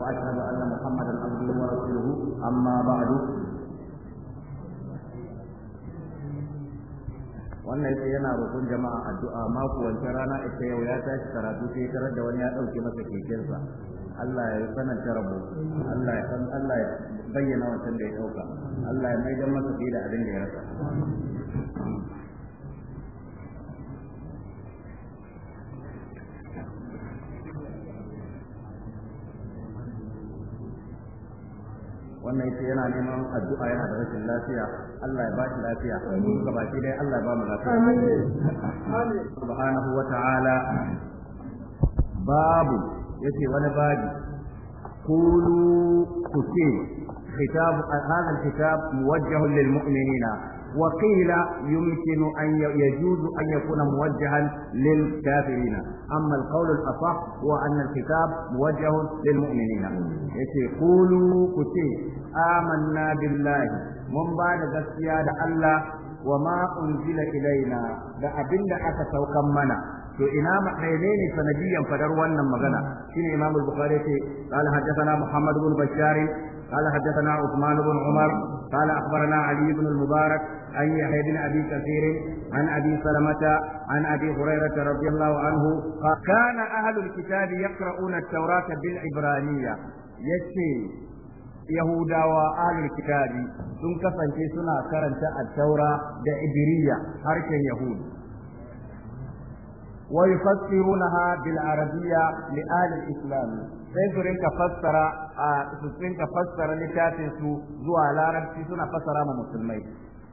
واشهد ان محمدا عبده ورسوله اما بعد wannan sai yana roƙon jama'a addu'a mako wancan rana ita yau ya tashi karatu sai tarar da wani ya ɗauke masa kekensa Allah ya sananta rabo Allah ya san Allah ya bayyana wancan da ya ɗauka Allah ya mai masa fiye da abin da ya rasa wannan yace yana neman addu'a yana da rashin lafiya Allah ya ba shi lafiya mu gabaki dai Allah ya ba mu lafiya amin subhanahu wa ta'ala babu yace wani babu qulu kutir kitab hadha al-kitab muwajjah lil mu'minina وقيل يمكن أن يجوز أن يكون موجها للكافرين أما القول الأصح هو أن الكتاب موجه للمؤمنين يقولوا كتير آمنا بالله من بعد غسيا الله وما أنزل إلينا لأبن لأك سوكا منا to ina mahaine ne sanadiyan fadar wannan magana shine imam al-bukhari ce qala hadathana muhammad ibn bashari قال حدثنا عثمان بن عمر قال أخبرنا علي بن المبارك عن يحيى بن أبي كثير عن أبي سلمة عن أبي هريرة رضي الله عنه قال كان أهل الكتاب يقرؤون التوراة بالعبرانية يشي Yahudawa alul kitabi sun kasance suna karanta at-taura da ibiriya harshen Yahudu. wa yufassirunaha bil arabiyya li ahli al-islam sai su rinka fassara a su rinka fassara littafin su zuwa larabci suna fassara ma musulmai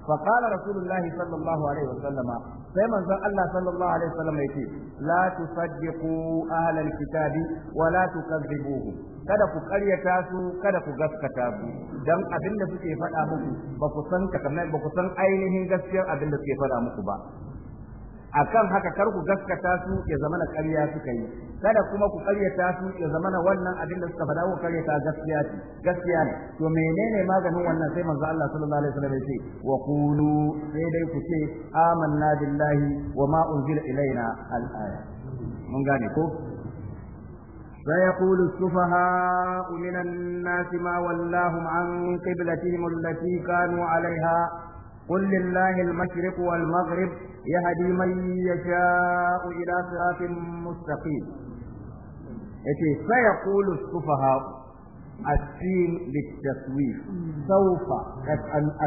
فقال رسول الله صلى الله عليه وسلم سيما الله صلى الله عليه وسلم يقول لا تصدقوا أهل الكتاب ولا تكذبوهم kada ku karyata su kada ku gaskata su dan abin da suke faɗa muku ba ku san ba ku san ainihin gaskiyar abin da suke faɗa muku ba akan haka kar ku gaskata su ya zama na ƙarya suka yi kada kuma ku ƙaryata su ya zama na wannan abin da suka faɗa ku ƙaryata gaskiya ce gaskiya ne to menene maganin wannan sai manzo Allah sallallahu alaihi wasallam ce wa qulu sai dai ku ce amanna billahi wa ma unzila ilaina al-aya mun gane ko فيقول السفهاء من الناس ما ولاهم عن قبلتهم التي كانوا عليها قل لله المشرق والمغرب يهدي من يشاء إلى صراط مستقيم يتي سيقول السفهاء السين للتسويف سوف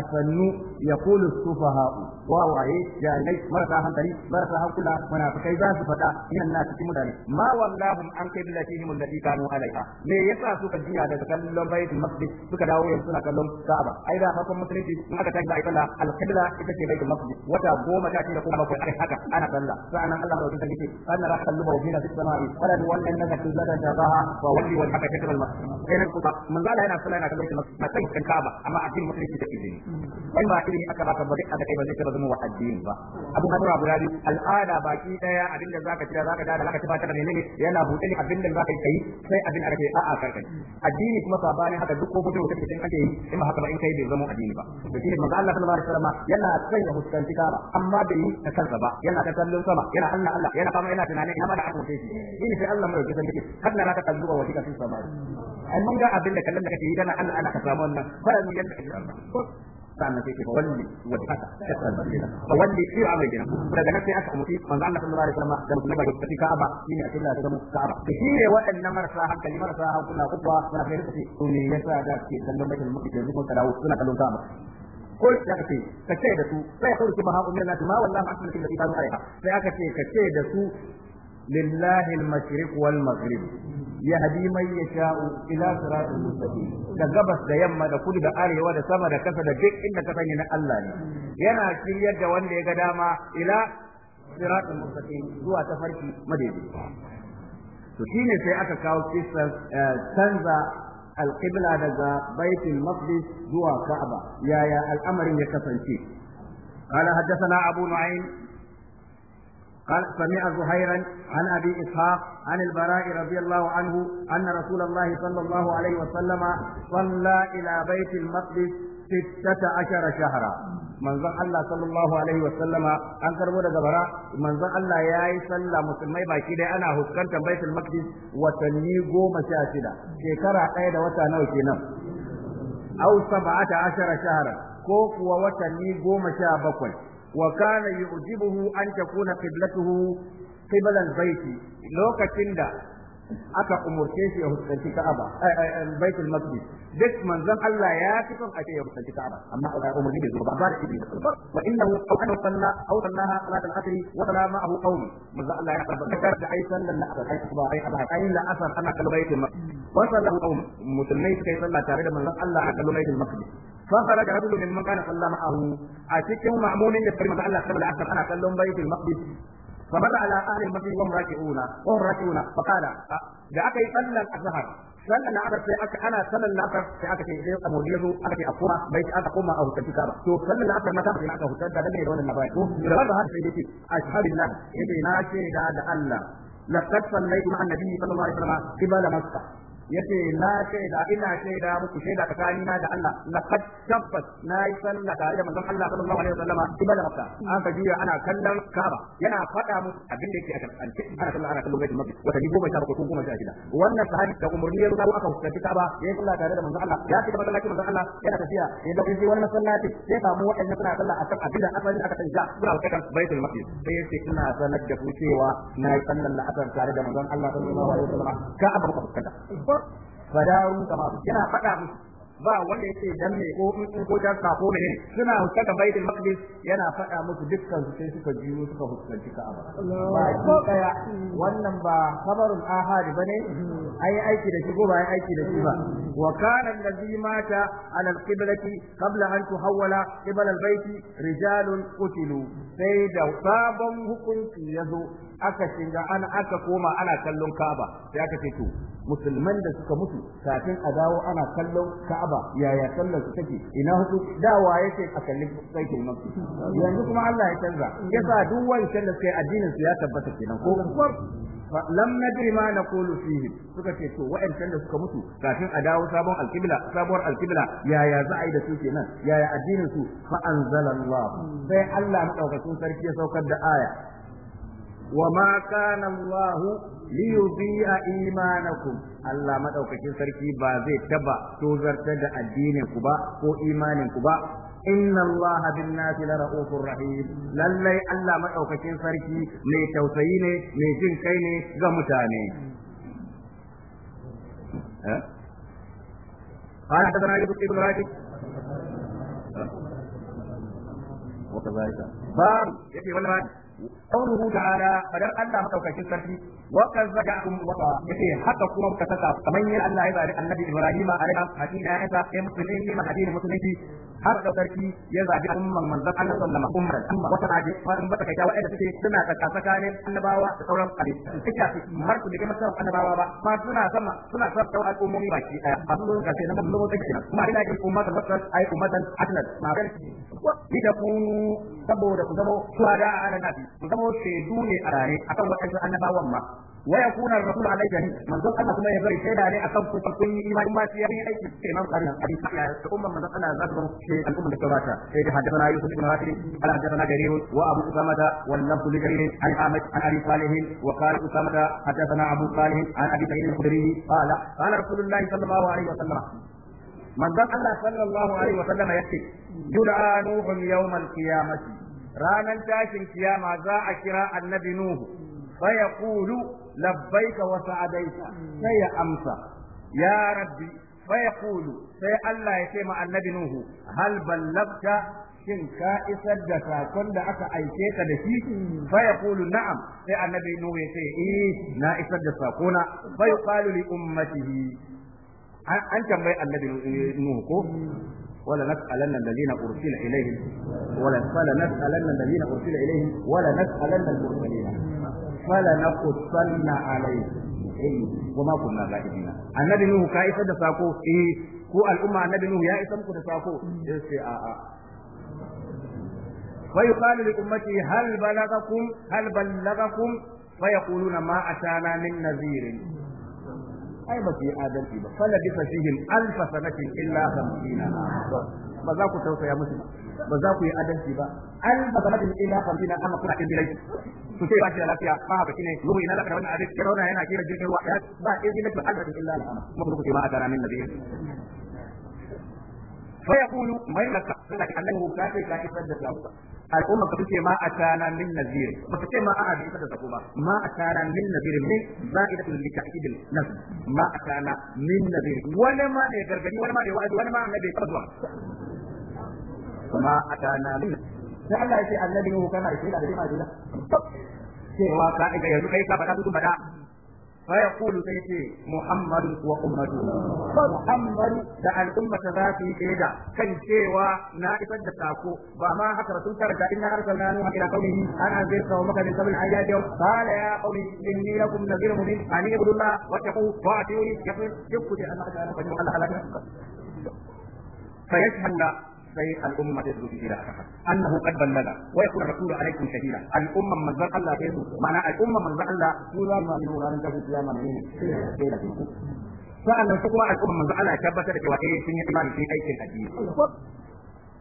أسنو يقول السفهاء واو أي جاهلي مرسا هنتري مرسا هنكلا منافقي ذات فتا من الناس كمدري ما ولاهم عن قبلتهم التي كانوا عليها ليه يسا سوك جيا دا تكلم بيت المقدس سوك داو يسونا كلم كعبة أيضا فاكم مسلمتي ما تتجد أي فلا القبلة إتكي بيت المقدس وتا بوما تاكي لكم أبو أي حكا أنا فلا فأنا الله رو تتجد أنا راح تلبه في السماء ولد ولن نزك زادا جاغاها فولي والحكا شكر المسجد kusa manzo Allah yana sallah yana kallon masu na sai kan kaba amma addini musulunci take izini kai ba ilimi aka baka ba aka kai ba zai taba zama wa addini ba abu abu burari al'ada baki daya abin da zaka tira zaka dada zaka tabbatar da menene yana buɗe ne abin da zaka kai sai abin da kake a'a karkai addini kuma sabani haka duk ko fito kake cikin ake yi in ba haka ba in kai bai zama addini ba to shine manzo Allah sallallahu alaihi wasallam yana kai ya huskanci kaba amma bai yi ta kansa ba yana ta kallon sama yana Allah Allah yana fama yana tunanin ina da aka wuce shi shine sai Allah mai har na ka wa kika sama ai mun ga abin da kallon da kake yi dana Allah Allah ka samu wannan fara mu yanda kake sannan sai ke fa walli wajhaka kasal madina fa walli fi amrina daga nan sai aka umarci manzo Allah sallallahu alaihi wasallam da musulmai da kafi ka'aba shine a cikin da mu ka'aba to shi ne waɗannan marasa hankali marasa hankula kubba suna kai su to ne yasa da ke kallon bakin mutum da zuwa karawo suna kallon ka'aba ko da kace ka ce da su sai ka rubuta ba ha umma na ma wallahi aslan kin da ta mu sai aka ce ka ce da su lillahi al-mashriq wal maghrib yahdi man yasha'u ila siratil da gabas da yamma da kudu da arewa da sama da kasa da duk inda ka sani na Allah ne yana shiryar da wanda ya ga dama ila siratil mustaqim zuwa farki madaidai to shine sai aka kawo kisan canza alqibla daga baitul maqdis zuwa ka'aba yaya al'amarin ya kasance قال حدثنا أبو نعيم قال سمع زهيرا عن ابي اسحاق عن البراء رضي الله عنه ان رسول الله صلى الله عليه وسلم صلى الى بيت المقدس ستة عشر شهرا Allah sallallahu alaihi wa sallama an karbo daga bara manzon Allah ya yi sallah musulmai baki dai ana huskantar baitul maqdis watanni goma sha shida shekara ɗaya da wata nawa kenan au sab'ata ashara shahara ko kuwa watanni goma sha bakwai وكان يعجبه أن تكون قبلته قبل البيت Lokacin da aka umurce shi ya huskanci Ka'aba baitul maqdis duk manzon Allah ya fi ake ya huskanci Ka'aba amma Allah umurni bai zo ba da ibn wa innahu aw kana salla aw sallaha salat al-asr wa salla ma'ahu qawmi manzon Allah ya tabbata da ai sallan na asr ai ba ai ba ai la asr ana kal baitul maqdis wa musulmai suka yi tare da manzon Allah a kal فخرج رجل ممن كان صلى معه أشكه مأمون يتكلم الله قبل أكثر أنا كلهم بيت المقدس فمر على أهل المسجد وهم راكعون وهم راكعون فقال دعك يصلى sai aka ana sallan na asar sai aka ce sai abu ya zo aka a koma bai ci aka koma a hukunci ka ba to sallan na asar mata sai aka hukunta da dangane da wannan labari da wannan har sai dake ashhadu billah yace na ce da Allah laqad sallaytu ma'an nabiyyi yace na shaida ina shaida muku shaida tsakani na da Allah laqad tabbas na yi sallah tare da manzon Allah sallallahu alaihi wasallama da makka an ka juya ana kallon Kaaba yana faɗa musu abin da yake a karance ana sallah ana kallon baitul maqdis wata ni goma sha bakwai ko goma sha shida wannan sahabi da umurni ya rubuta aka hukunta Kaaba yayin sallah tare da manzon Allah ya shiga masallacin manzon Allah yana tafiya ya dauki shi wannan masallaci sai samu waɗanda suna sallah a kan abin da asali aka tsaya suna kan baitul maqdis sai yace ina sanar da ku cewa na yi sallar la'asar tare da manzon Allah sallallahu alaihi wasallama Kaaba ba ku fadaru kama yana faɗa musu ba wanda yake dan me ko in ko dan sako ne suna huskata baitul maqdis yana faɗa musu dukkan su sai suka jiyo suka huskanci ka'aba ba ko kaya wannan ba khabarul ahadi bane ai aiki da shi ko ba ai aiki da shi ba wa kana allazi mata ala alqiblati qabla an tuhawwala qibla rijalun qutilu sai da sabon hukunci ya zo. aka shiga ana aka koma ana kallon Ka'aba sai aka ce to musulman da suka mutu kafin a dawo ana kallon Ka'aba yaya sallar su take ina hudu dawa yake a kallon baitul yanzu kuma Allah ya canza yasa duk wancan da suka addinin su ya tabbata kenan ko lam nadri ma naqulu fihi suka ce to wa'ancan da suka mutu kafin a dawo sabon alqibla sabuwar alqibla yaya za a yi da su kenan yaya addinin su fa anzalallahu sai Allah madaukakin sarki ya saukar da aya وما كان الله ليضيع إيمانكم Allah madaukakin sarki ba zai taba tozartar da addinin ku ba ko imanin ba inna Allah bin nasi la rahim lallai Allah madaukakin sarki mai tausayi ne mai jin kai ne ga mutane قوله تعالى فدر الله مدوكاكين سرفي وقد زجعكم وطا يتي حتى كما كتسا كمن الله يبارك النبي إبراهيم عليه حديث آيسا حديث مسلمين har da sarki ya zabi umman manzon Allah sallama umman amma wata aje farin bata kai wa'ai da suke suna tsaka tsakanin annabawa da sauran hadisi suke su marku da kuma sauran annabawa ba fa suna sama suna sauran al'ummomi baki daya ba su ga sai nan lobo take kuma ina ji ummatan masar ai dan atlas ma ban ni da ku saboda ku zamo suwada a nabi ku zamo shedu ne a rare akan waɗansu annabawan ma wa yakuna ar-rasul alayhi shahid manzon Allah kuma ya bari shaida ne akan ku kun yi imani ma sai yayi aiki sai man karin hadisi ya ta umman manzon Allah ta rufe al-umma da taurata sai da hadathana yusuf ibn rafi ala hadathana jarir wa abu usama wal nafs li jarir an ahmad an abi salih wa qala usama hadathana abu salih an abi sa'id al-khudri qala qala rasulullah sallallahu alaihi wa sallam manzon Allah sallallahu alaihi wa sallam yace yud'a nuhun yawm al tashin kiyama za a kira annabi labbaika wa sa'adaita sai ya amsa ya rabbi fa yaqulu sai Allah ya ce ma annabi nuhu hal ballagta shin ka isar da sakon da aka aike ka da shi fa yaqulu na'am sai annabi nuhu ya ce eh na isar da sakona fa yuqalu li ummatihi an tambayi annabi nuhu ko ولا نسألن الذين أرسل إليهم ولا نسألن الذين أرسل إليهم ولا نسألن المرسلين falanaqussanna alayhi eh kuma kunna ga'ibina annabi nuhu ka isa da sako eh ko al'umma annabi nuhu ya isar muku da sako eh, sai a a فيقال hal هل بلغكم هل بلغكم فيقولون ما أتانا من نذير ai ba su yi adalci ba fala bisa fihim alfa sanatin illa 50 na ba za ku tausaya musu ba za ku yi adalci ba an ba ba da ila fa bina kama kuna kin dai su ce ba shi lafiya ba ba kine ruhu ina da wannan adalci kira yana kira jirgin ruwa ba izi na ta'ala da illa ma ku ce ba a garamin nabi fa yaqulu mai laka da kallahu ka ce ka ifa da lafiya al umma ka tuke ma atana min nazir ba ka ce ma a hadisi da zako ba ma atana min nazir ne za'idatu li ta'kid al nazr ma atana min nazir wani ma ne gargadi wani ma ne wa'idi wani ma ne bai tabbata kuma a tana min sai Allah ya ce annabi mu kana shi da jama'a da cewa ka ga yanzu kai ka fada duk bada fa ya kulu sai ce Muhammad wa ummatu Muhammad da al'ummata za su yi da kan cewa na isar da sako ba ma haka sun karanta in har kana nan haka kauni ana zai kawo maka ne sabin ayya da kala ya kauni inni lakum nadhir mubin ani ibnullah wa taqu wa atiyuni yakun yukuti an hada ban Allah alaka fa yashhadu sai al'umma ta zuci da haka annahu qad ballaga wa yakun rasulu alaikum shahida al'umma manzon Allah ta su mana al'umma manzon Allah su za mu nuna ran ta kiyama ne sai da sa'an nan kuma al'umma manzon Allah ya tabbatar da cewa eh sun yi imani sun aikin addini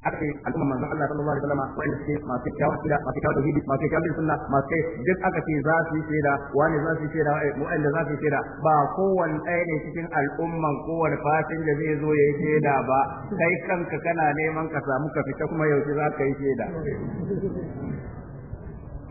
aka ce al'umma manzon Allah sallallahu alaihi wasallam wanda suke masu kyawun kida masu kyawun tauhidi masu kyawun sunna masu kai duk aka ce za su yi shaida wani za su yi shaida eh, wanda za su yi shaida ba kowanne ɗaya ne cikin al'umman kowanne fatin da zai zo ya yi shaida ba kai kanka kana neman ka samu ka fita kuma yaushe za ka yi shaida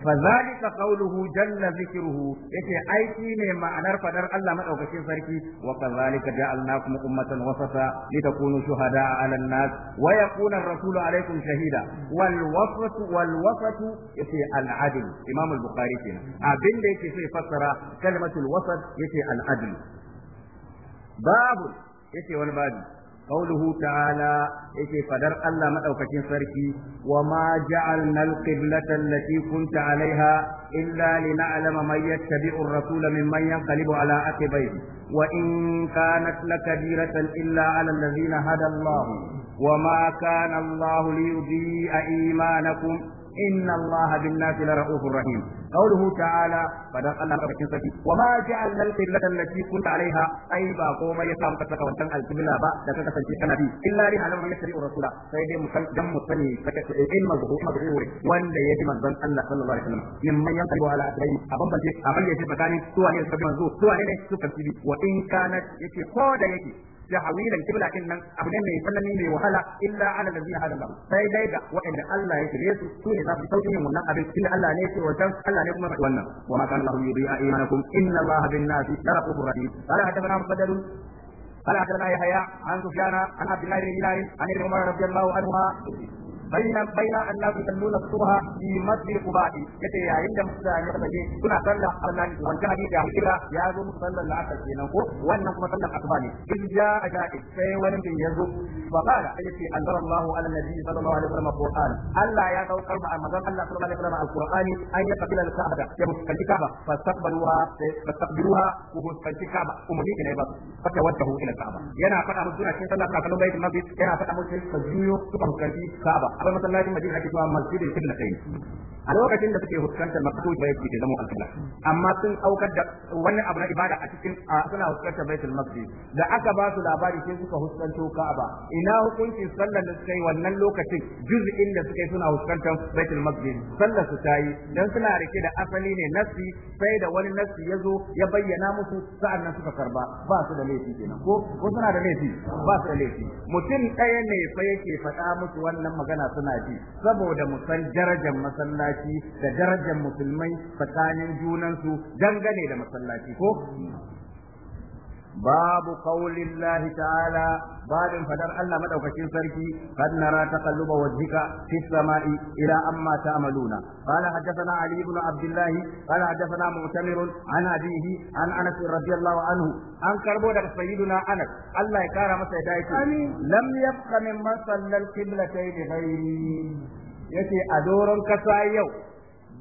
فذلك قوله جل ذكره يتي ايتي ne ma'anar faɗar Allah ma madaukakin sarki wa kadhalika ja'alnakum ummatan wasata litakunu shuhada'a 'alan nas wa yakuna ar-rasulu 'alaykum shahida wal wasatu wal wasatu yace al-'adl imam al-bukhari kenan Abinda da yake sai fassara kalmatul wasat yace al-'adl babu yace wani babu قوله تعالى إيه فدر الله مدوكتين سركي وما جعلنا القبلة التي كنت عليها إلا لنعلم من يتبع الرسول ممن ينقلب على عقبيه وإن كانت لكبيرة إلا على الذين هدى الله وما كان الله ليضيء إيمانكم إن الله بالناس لرؤوف رحيم قوله تعالى فدان الله بكين سكي وما جعلنا القبلة التي كنت عليها أي با قوم يسام كتلك وانتن القبلة با لكك سنتي كان بي إلا لي على من يشري الرسول سيدي مسل جم الثاني سكت إن مظهور مظهور وان يجي من ظن الله صلى الله عليه وسلم ممن ينقلب على أدري أبن بلتي أبن يجي مكاني سوى هي السبب منزور سوى هي السبب وإن كانت يكي قود يكي تحويل القبلة إن أبن من يسلم من وهلا إلا على الذين هذا ba sai dai ga waɗanda Allah ya shirye su su ne za su sauki wannan abin inda Allah ne ce wancan Allah ne kuma wannan wa ma kana lahu yudhi'a imanakum inna Allah bin nasi larafur rahim qala hadathana mubaddal قال حدثنا يحيى عن سفيان عن عبد الله بن بلال عن ابن عمر رضي الله عنهما baina baina annabi salluna subha fi masjid quba yace yayin da mutane suka je suna sallah Allah ne wannan hadisi ya kira ya zo mu kenan ko wannan kuma sallar asuba ne in ja a ja'i sai wani din yazo fa qala ayati anzalallahu ala nabi sallallahu alaihi wasallam qur'an Allah ya daukar ma manzon Allah sallallahu alaihi wasallam alqur'ani an ya qabila al-ka'ba ya muskanti ka'ba fastaqbaluha fastaqbiluha wa muskanti ka'ba umuni ne ba faka wadahu ila ka'ba yana fada musu a cikin sallar kafin baitul maqdis yana fada musu su juyo su muskanti ka'ba akwai masallacin Madina ake cewa Masjidil Qiblatain a lokacin da suke fuskantar maqsud bai ke zama alƙibla amma sun aukar da wani abu na ibada a cikin suna fuskantar baitul maqdis da aka ba su labari sai suka fuskanto Ka'aba ina hukuncin sallar da suka yi wannan lokacin juz'in da suka yi suna fuskantar baitul maqdis sallar su tayi dan suna rike da asali ne nafsi sai da wani nassi ya zo ya bayyana musu sa'annan suka karba ba su da laifi kenan ko ko suna da laifi ba su da laifi mutum ɗaya ne fa yake faɗa musu wannan magana suna ji saboda mu san darajar masallaci masallaci da darajar musulmai tsakanin junansu dangane da masallaci ko babu qaulillahi ta'ala babin fadar Allah madaukakin sarki kad nara taqalluba wajhika fi samai ila amma ta'maluna qala hadathana ali ibn abdullah qala hadathana mu'tamir an abihi an anas radiyallahu anhu an karbo daga sayyiduna anas Allah ya kara masa yadda yake lam yabqa min masallal qiblatayn yace a doron kasa yau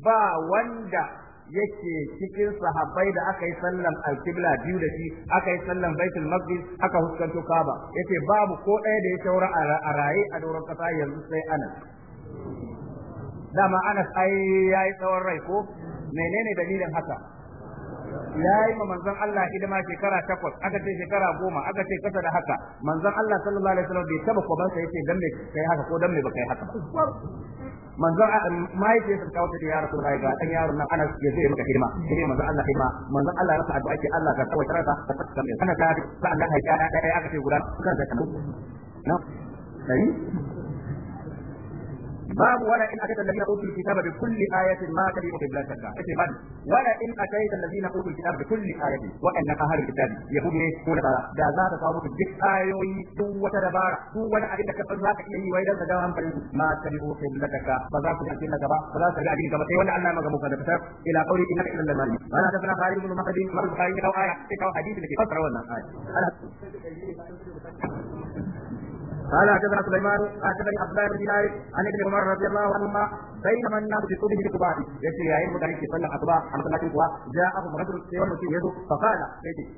ba wanda yake cikin sahabbai da aka yi sallan alkibla biyu da shi aka yi sallan baitul maqdis aka huskanto kaba yace babu ko ɗaya da ya taura a raye a doron kasa yanzu sai anas dama anas sai yayi tsawon rai ko menene dalilin haka yayi ma manzon Allah hidima shekara takwas aka ce shekara goma aka ce kasa da haka manzon Allah sallallahu alaihi wasallam bai taba kwaban sa yace dan me kai haka ko dan me baka yi haka ba manzon ce ah, ta wata da ya rasu ga dan yaron nan ana ya zai maka hidima sai manzon Allah hidima manzon Allah rasa addu'a ke Allah ka tsawaita rasa ka tsaka mai kana ta sa'an nan haifa da aka ce guda kan da na sai باب ولا إن أتيت الذين أوتوا الكتاب بكل آية ما تبعوا قبلتك كتبان ولا إن أتيت الذين أوتوا الكتاب بكل آية وأن أهل الكتاب يقول لي قول تعالى دا ذات صابوك الدك آيوي قوة دبارة قوة أجد كفر ذاك إليه وإذا تداهم فريق ما تبعوا قبلتك فذاك تأتي لك با فذاك تأتي لك با ولا أنا مغمو كان بسر إلى قولي إنك إلا المال وأنا تفنى خالد بن مخدين مرد خالد أو آية أو حديث التي فسر وأنا آية قال حدثنا سليمان حدثني عبد الله بن دينار عن ابن عمر رضي الله عنهما بينما الناس في صوبه بقباء يأتي يا علم ذلك صلى الصباح عن صلاة القباء جاءهم رجل سيوم في يده فقال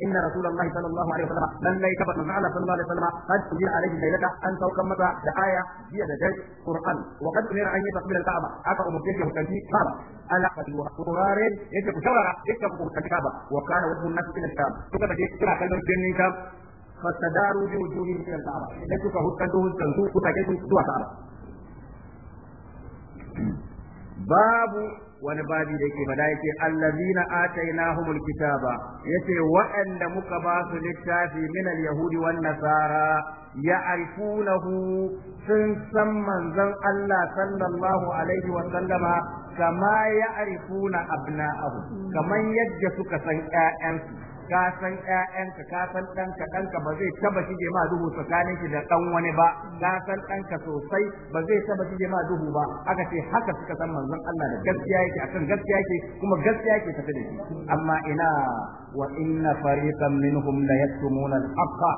إن رسول الله صلى الله عليه وسلم لن لا يكبر فعل صلى الله عليه وسلم قد أجير عليه ليلة أن توكم متى دعاية هي دجاج قرآن وقد أمر أن يتقبل الكعبة أتى أمر جيشه التنجي قال ألا فتلوها قرار يجب شرع يجب الكعبة وكان وجه الناس إلى الشام فقد جاء كلمة الجنة فاستداروا بوجوههم الى الكعبه لكن فهتدوه التنسوق وتجدوا سوى الكعبه باب wani babi da ke fada yake allazina atainahumul kitaba yace waɗanda muka ba su littafi min al-yahudi wan nasara ya'rifunahu sun san manzon Allah sallallahu alaihi wa sallama kama ya'rifuna abna'ahu kaman yadda suka san ƴaƴansu ka san ƴaƴanka ka san ɗanka ɗanka ba zai taba shige ma duhu tsakanin shi da ɗan wani ba ka san ɗanka sosai ba zai taba shige ma duhu ba aka ce haka suka san manzon Allah da gaskiya yake akan gaskiya yake kuma gaskiya yake tafi da shi amma ina wa inna fariqan minhum la yaktumuna al-haqqa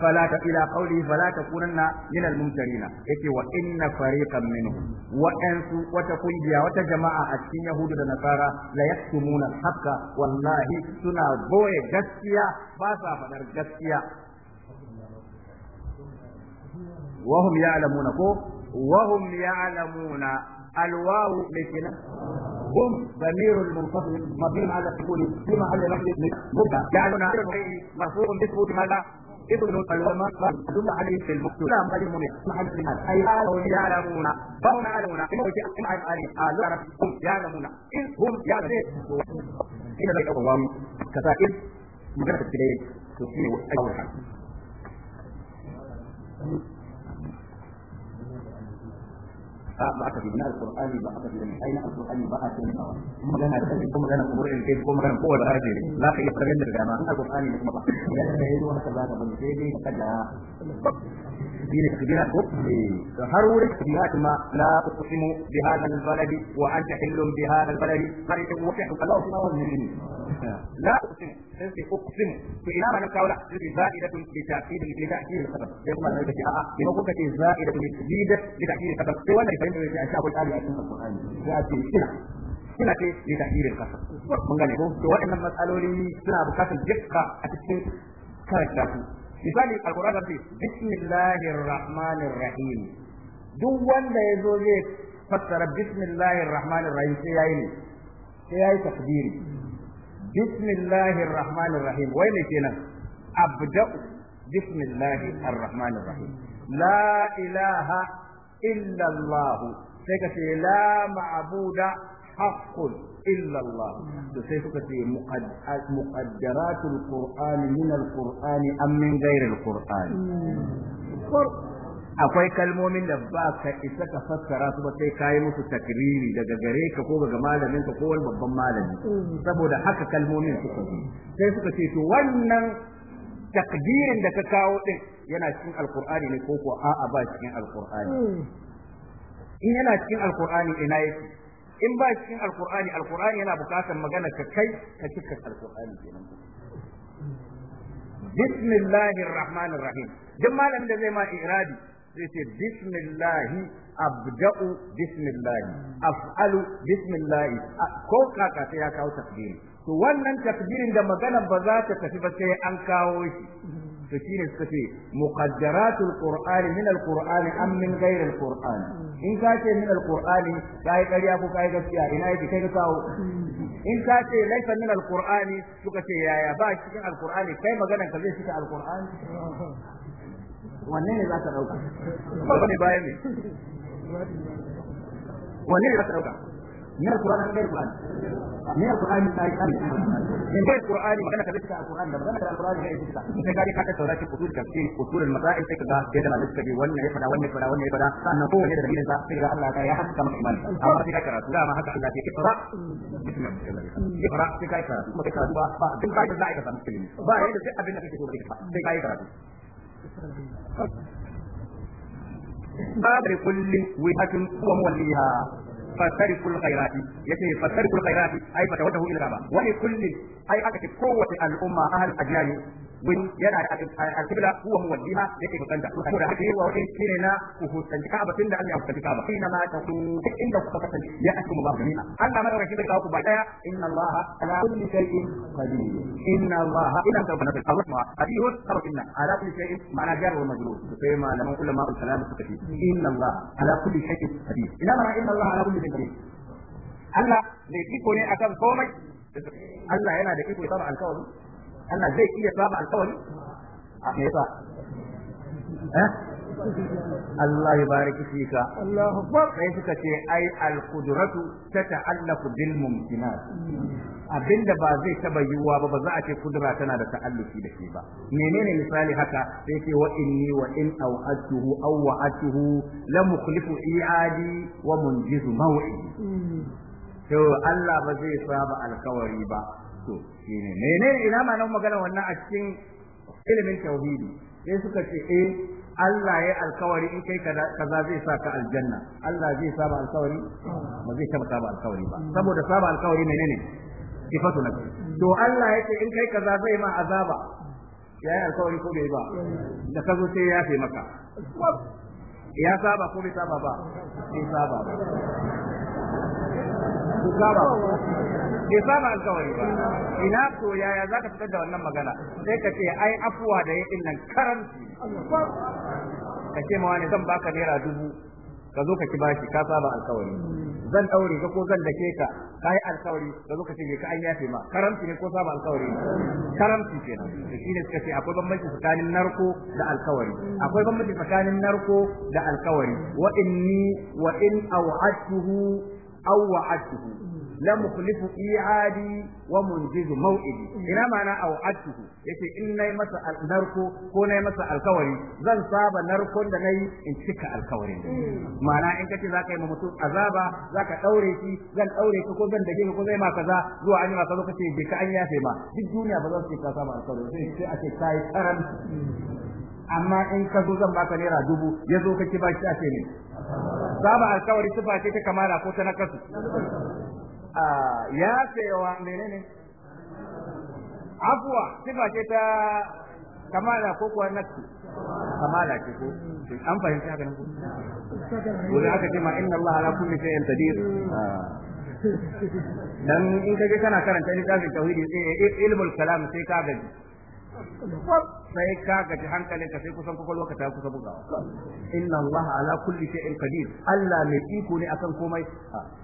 فلا إلى قوله فلا تكونن من الممترين يكي وإن فريقا منهم وأنس وتكون بيا وتجماعة أتكين يهود ونصارى لا يكتمون الحق والله سنا بوي جسيا باسا فدر جسيا وهم يعلمون كو وهم يعلمون الواو لكن هم ضمير المنفصل مبني على السكون في محل رفع مبدا يعلمون مرفوع بثبوت ماذا ابن العلماء دل عليه في المكتوب لا مقدم من محل الحال اي قالوا يعلمون فهم يعلمون ان وجه اسمع عليه قالوا هم يعلمون ان هم يعلمون الى بيت القوام كتائب مجرد الكلام تسمي اول حال ba aka bibina alqur'ani ba aka bibina aina alqur'ani ba a cikin hawa magana da kai ko magana ko burin kai ko magana ko da haje za ka iya farin da dama an alqur'ani ne kuma ba da kai zo haka za ka sai dai ka da دين الكبيرة هرول الكبيرات ما لا أقسم بهذا البلد وأنت حل بهذا البلد قريب وشحك الله في لا أقسم sai أقسم to ina ma na kawo la sai za'idatun bi ta'kid sabab sai kuma sai a'a ina kuka ce za'idatun bi zidat bi ta'kid sabab sai wannan sai da ya shafi tsari a cikin suna ce sabab mun ko to waɗannan matsaloli suna bukatar jikka a cikin karanta su misali alqur'ani ce bismillahir rahmanir rahim duk wanda ya zo zai bismillahir rahmanir rahim sai yayi ne sai yayi bismillahir rahmanir rahim wai ne kenan abda'u bismillahir rahmanir rahim la ilaha illa allah sai ka ce la ma'buda haqqun illa allah to sai suka ce kur'ani qur'ani min al-qur'ani am akwai kalmomin da ba ka isa ka fassara su ba sai ka yi musu takriri daga gare ka ko daga malamin ka ko wani babban malami mm. saboda haka kalmomin suka yi sai suka ce to wannan takdirin da ka kawo din yana cikin alkur'ani ne ko ko a'a ba cikin alkur'ani mm. in yana cikin alkur'ani ina yake in ba cikin alkur'ani alkur'ani yana bukatar magana ka kai ka cikin alkur'ani kenan bismillahir rahmanir rahim duk malamin da zai ma iradi zai ce bismillahi abda'u bismillahi af'alu bismillahi ko kaka sai ya kawo takbiri to wannan takbirin da magana ba za ta tafi ba sai an kawo shi to shine suka ce muqaddaratul qur'ani min alqur'ani am min ghairi alqur'ani in ka ce min alqur'ani kai ƙarya ko kai gaskiya ina yake kai ka kawo in ka ce laifa min alqur'ani suka ce yaya ba cikin alqur'ani kai maganan ka zai cika alqur'ani wanne ne za ka dauka ba ne bayan ne wanne ne za ka dauka من القرآن من غير القرآن من القرآن من غير القرآن من غير القرآن ما كانت لسه القرآن لما كانت القرآن غير لسه إذا قال حتى سورة كتور كتير كتور المسائل تكدا كذا لا لسه بيولنا يفدا ولنا يفدا ولنا يفدا أنا هو هذا الذي نزل في الله تعالى حتى كم إيمان أما في كذا لا ما حتى الله يقرأ يقرأ في كذا ما كذا دوا بعد كذا لا يفدا مسلم بعد كذا أبينا في كتور كذا في كذا باب لكل وجهة هو موليها فاستركوا الخيرات يعني فاستركوا الخيرات أي فتوجهوا إلى الغابة ولكل أي أكتب قوة الأمة أهل الأجيال wani yana da alƙibla huwa muwajjiha yake fuskanta ko da haka yawa wani shine na ku fuskanci Ka'aba tun da Allah ya fuskanci Ka'aba ina ma ta ku duk inda kuka kasance ya asmu Allah jami'a Allah ma rakin da ku ba daya inna Allah ala kulli shay'in qadir inna Allah ina da bana da Allah hadihu sabina ala kulli shay'in ma'ana jar wa majrur sai malaman ulama al-kalam suka ce inna Allah ala kulli shay'in qadir ina ma inna Allah ala kulli shay'in qadir Allah ne iko ne akan komai Allah yana da iko ya tsara alkawari Allah zai iya saba alkawari a me yasa eh Allah ya bariki fika Allahu akbar sai suka ce ai alqudratu tata'allaqu bil mumkinat abinda ba zai taba yiwuwa ba ba za a ce kudura tana da ta'alluki da shi ba menene misali haka sai ce wa inni wa in aw'atuhu aw wa'atuhu la mukhlifu i'adi wa munjizu maw'idi hmm. to Allah ba zai saba alkawari ba to shine menene ina ma'anar magana wannan a cikin ilimin tauhidi sai suka ce eh Allah ya alkawari in kai kaza zai sa ka aljanna Allah zai saba alkawari ba zai sa saba alkawari ba saboda saba alkawari menene sifatu na to Allah ya ce in kai kaza zai ma azaba yayi alkawari ko bai ba da kazo sai ya fi maka ya saba ko bai saba ba sai saba ba ku saba bai saba alkawari ba ina so yaya ka fitar da wannan magana sai ka ce ai afuwa da yin nan karanci ka ce ma wani zan baka naira dubu ka zo ka ci bashi ka saba alkawari zan daure ka ko zan dake ka kai alkawari ka zo ka ce ka an yafe ma karamci ne ko saba alkawari karamci kenan shi ne suka ce akwai bambanci tsakanin narko da alkawari akwai bambanci tsakanin narko da alkawari wa inni wa in aw'atuhu aw wa'atuhu la mukhlifu i'adi wa munjizu maw'idi ina ma'ana au'atuhu yace in nai masa narko ko nayi masa alkawari zan saba narkon da nayi in cika alkawarin Mana hmm. in kace zaka yi ma mutum azaba zaka daure shi zan daure shi ko zan dage ka ko zai ma kaza zuwa an yi maka lokaci bai ka an yafe ma duk duniya ba za su ce ka saba alkawari sai a ce kai karam amma in ka zo zan baka naira dubu ya zo kake ba shi a ce ne saba alkawari sifa ce ta kamala ko ta nakasu Ah, ya mene menene afuwa sifa ce ta kamala ko kuwa nafsi kamala ce ko an fahimci haka nan ko wani aka ce ma inna Allah ala kulli shay'in qadir ah. dan in kaje kana karanta littafin tauhidi eh, eh, ilmul kalam sai ka gaji sai ka gaji hankalin ka sai kusan kwakwalwa ka ta kusa bugawa inna Allah ala kulli shay'in qadir Allah mai iko ne akan komai ah.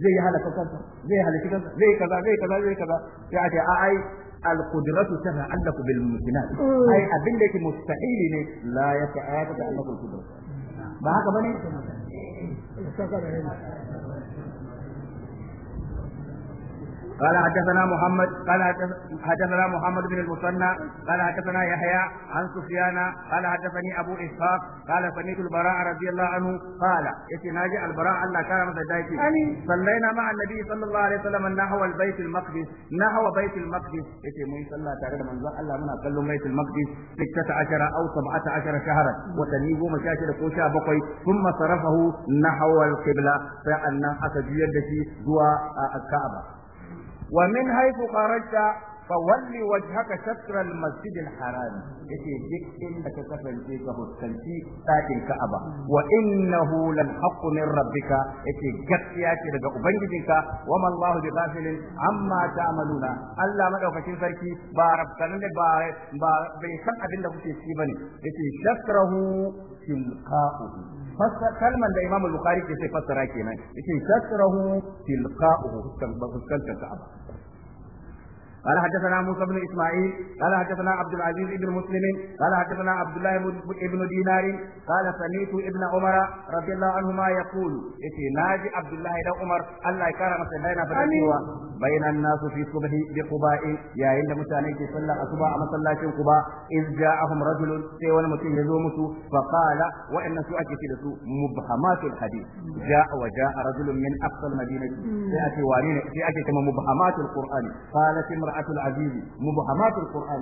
zai yi halaka kansa zai halaki kansa zai kaza zai kaza zai kaza sai a ce a ai القدرة تتعلق بالممكنات أي أبن لك مستحيل لا يتعلق بالقدرة ما هكذا بني قال حدثنا محمد قال حدثنا محمد بن المثنى قال حدثنا يحيى عن سفيان قال حدثني ابو اسحاق قال سمعت البراء رضي الله عنه قال يتناجى البراء ان كان مسدايتي صلينا مع النبي صلى الله عليه وسلم نحو البيت المقدس نحو بيت المقدس يتي من صلى تعالى من الله من كلم بيت المقدس 16 او 17 شهرا وتنيجو مشاكل كوشا بقي ثم صرفه نحو القبلة فان أتجيد به جوا آه، الكعبة ومن حيث خرجت فولي وجهك شطر المسجد الحرام يتي دك إن تكفنتي كهستنتي ساكن كعبة وإنه للحق من ربك يتي جسياك لك أبنجدك وما الله بغافل عما تعملون ألا مدعوك شنفركي بارب كنن بارب بيسان أبن لك شيبني يتي شطره تلقاؤه kalman da Imam Bukhari ke sai fassara kenan yake shasrahu tilqa'uhu fuskantar Ka'aba قال حدثنا موسى بن اسماعيل قال حدثنا عبد العزيز بن مسلم قال حدثنا عبد الله بن دينار قال سمعت ابن عمر رضي الله عنهما يقول اتي ناجي عبد الله بن عمر الله يكرم سيدنا فدكوا بين الناس في صبح بقباء يا عند متاني في صلى الصبح مسلاتين قباء اذ جاءهم رجل سي wani mutum ya zo musu فقال وان su ake ce da su mubhamatul hadith جاء وجاء رجل من اقصى المدينه sai ake wani ne sai ake kuma mubhamatul qur'ani qalat imra'atul aziz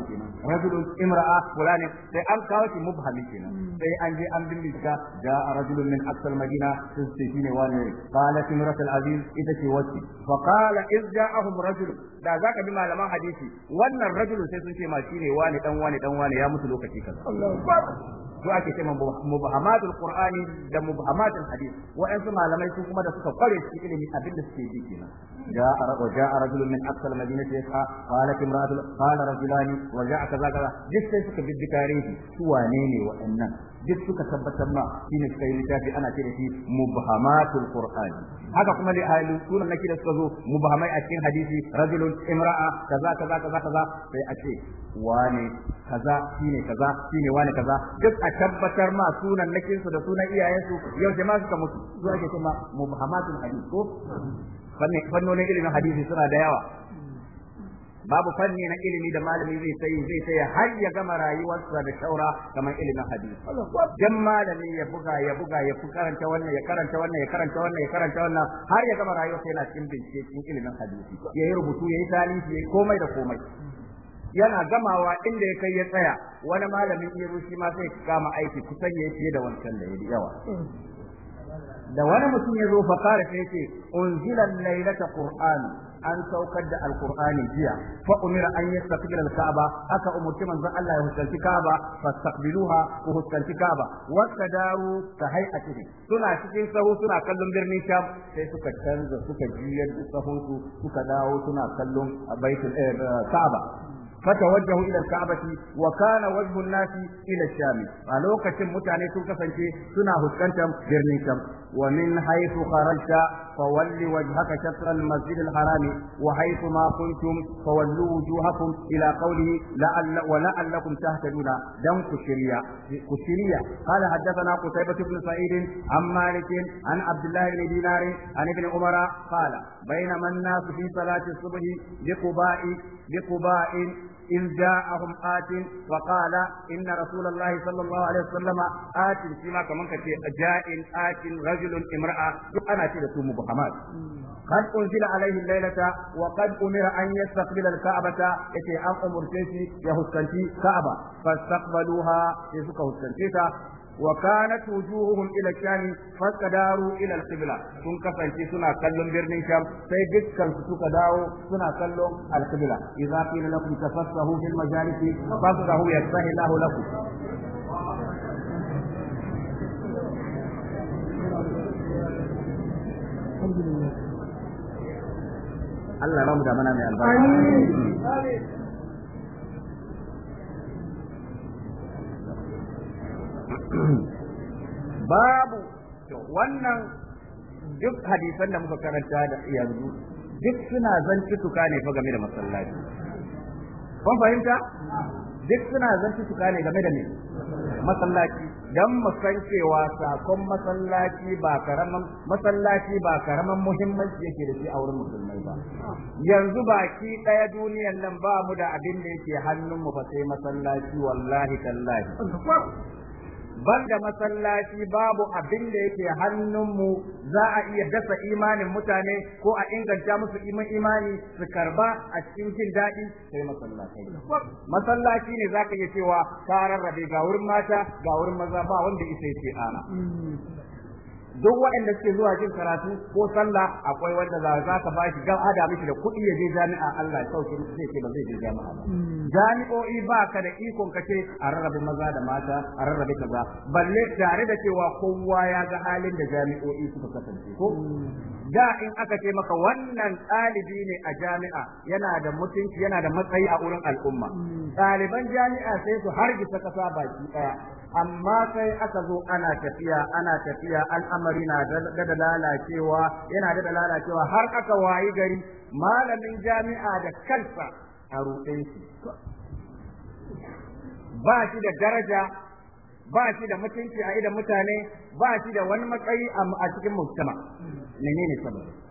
kenan rajulun imra'a fulani sai an kawo shi kenan hmm. sai an je an bincika da rajulun min aksal madina sai shine wani qalat imra'atul aziz ita ce wacce fa qala iz ja'ahum rajul da zaka bi malaman hadisi wannan rajulun sai sun ce ma shine wani dan wani dan wani ya mutu lokaci kaza su ake cewa mubhamatul qur'ani da mubhamatul hadis wa'ansu malamai su kuma da suka kware su ilimi abin da suke ji kenan جاء وجاء رجل من اقصى المدينه يسعى قالت امراه قال رجلان وجاء كذا كذا جس suka bi tarihi su wane ne wa'annan duk suka tabbatar ma shine sai littafi ana ce da shi mubhamatul qur'ani haka kuma da ahli sunna nake da suka zo mu mai a cikin hadisi rajulun imra'a kaza kaza kaza kaza sai a ce wane kaza shine kaza shine wane kaza duk a tabbatar ma sunan nakin su da sunan iyayen su yau jama'a suka mutu zuwa ke kuma mubahamatul hadisi ko fannonin ilimin hadisi suna da yawa babu fanni na ilimi da malami zai sai zai sai har ya gama rayuwarsa da shaura kamar ilimin hadisi dan malami ya buga ya buga ya karanta wannan ya karanta wannan ya karanta wannan ya karanta wannan har ya gama rayuwarsa yana cikin bincike cikin ilimin hadisi Ya yi rubutu ya yi talifi yi komai da komai yana gamawa inda ya kai ya tsaya wani malamin yaro shi ma sai kama aiki kusan ya fiye da wancan da ya yawa da wani mutum ya zo fa kare sai ce unzila laylata qur'ani an saukar da alkur'ani jiya fa umira an yastaqbil alka'aba aka umurci manzon Allah ya huskanci ka'aba fastaqbiluha ku huskanci ka'aba wasadaru ka hay'atihi suna cikin sahu suna kallon birnin sham sai suka canza suka juyar yadda sahunsu suka dawo suna kallon baitul eh, ka'aba فتوجهوا الى الكعبه وكان وجه الناس الى الشام a lokacin mutane sun kasance suna huskantar birni sham ومن حيث خرجت فول وجهك شطر المسجد الحرام وحيث ما كنتم فولوا وجوهكم إلى قوله لعل ولعلكم تهتدون دم كشرية كشرية قال حدثنا قتيبة بن سعيد عن مالك عن عبد الله بن دينار عن ابن عمر قال بينما الناس في صلاة الصبح بقباء بقباء إذ جاءهم آت وقال إن رسول الله صلى الله عليه وسلم آت فيما كمان جاء آت رجل امرأة أنا تلتو مبهمات قد أنزل عليه الليلة وقد أمر أن يستقبل الكعبة إتي أم أمر كيسي يهسكنتي كعبة فاستقبلوها يسكهسكنتيتا وكانت وجوههم الى الشام فاستداروا الى القبلة sun kasance suna kallon birnin sham sai dukkan su suka dawo suna kallon alqibla idza qila lakum tafassahu fil majalis fassahu yasahi Allahu lakum Allah ya ramu da mana mai albarka wannan duk hadisan da muka karanta da yanzu duk suna zanci tuka ne fa game da masallaci kun fahimta duk suna zanci tuka ne game da me masallaci dan mu san cewa sakon masallaci ba karaman masallaci ba karaman muhimmanci yake da shi a wurin musulmai ba yanzu baki daya duniyan nan ba mu da abin da yake hannun mu fa sai masallaci wallahi tallahi banda masallaci babu abin da yake hannunmu za a iya dasa imanin mutane ko a inganta musu iman imani su karba a cikin jin daɗi sai masallaci masallaci ne zaka iya cewa ka rarrabe ga wurin mata ga wurin maza ba wanda isa yake ana hmm. duk waɗanda suke zuwa jin karatu ko sallah akwai wanda za ka bashi. shi gan ada miki da kuɗi ya je jami'a Allah ya sauke miki zai ce ba zai je jami'a ba hmm. jami'o'i ba ka da ikon ka ce a rarrabe maza da mata a rarrabe kaza balle tare da cewa kowa ya ga halin da jami'o'i suka kasance ko hmm. da in aka ce maka wannan ɗalibi ne a jami'a yana da mutunci yana da matsayi a wurin al'umma hmm. ɗaliban jami'a sai su hargitsa kasa baki ɗaya amma sai aka zo ana tafiya ana tafiya al'amari na da lalacewa yana da lalacewa har aka wayi gari malamin jami'a da kansa a ruɗe shi ba shi da daraja ba shi da mutunci a idan mutane ba shi da wani matsayi a cikin mujtama menene sababi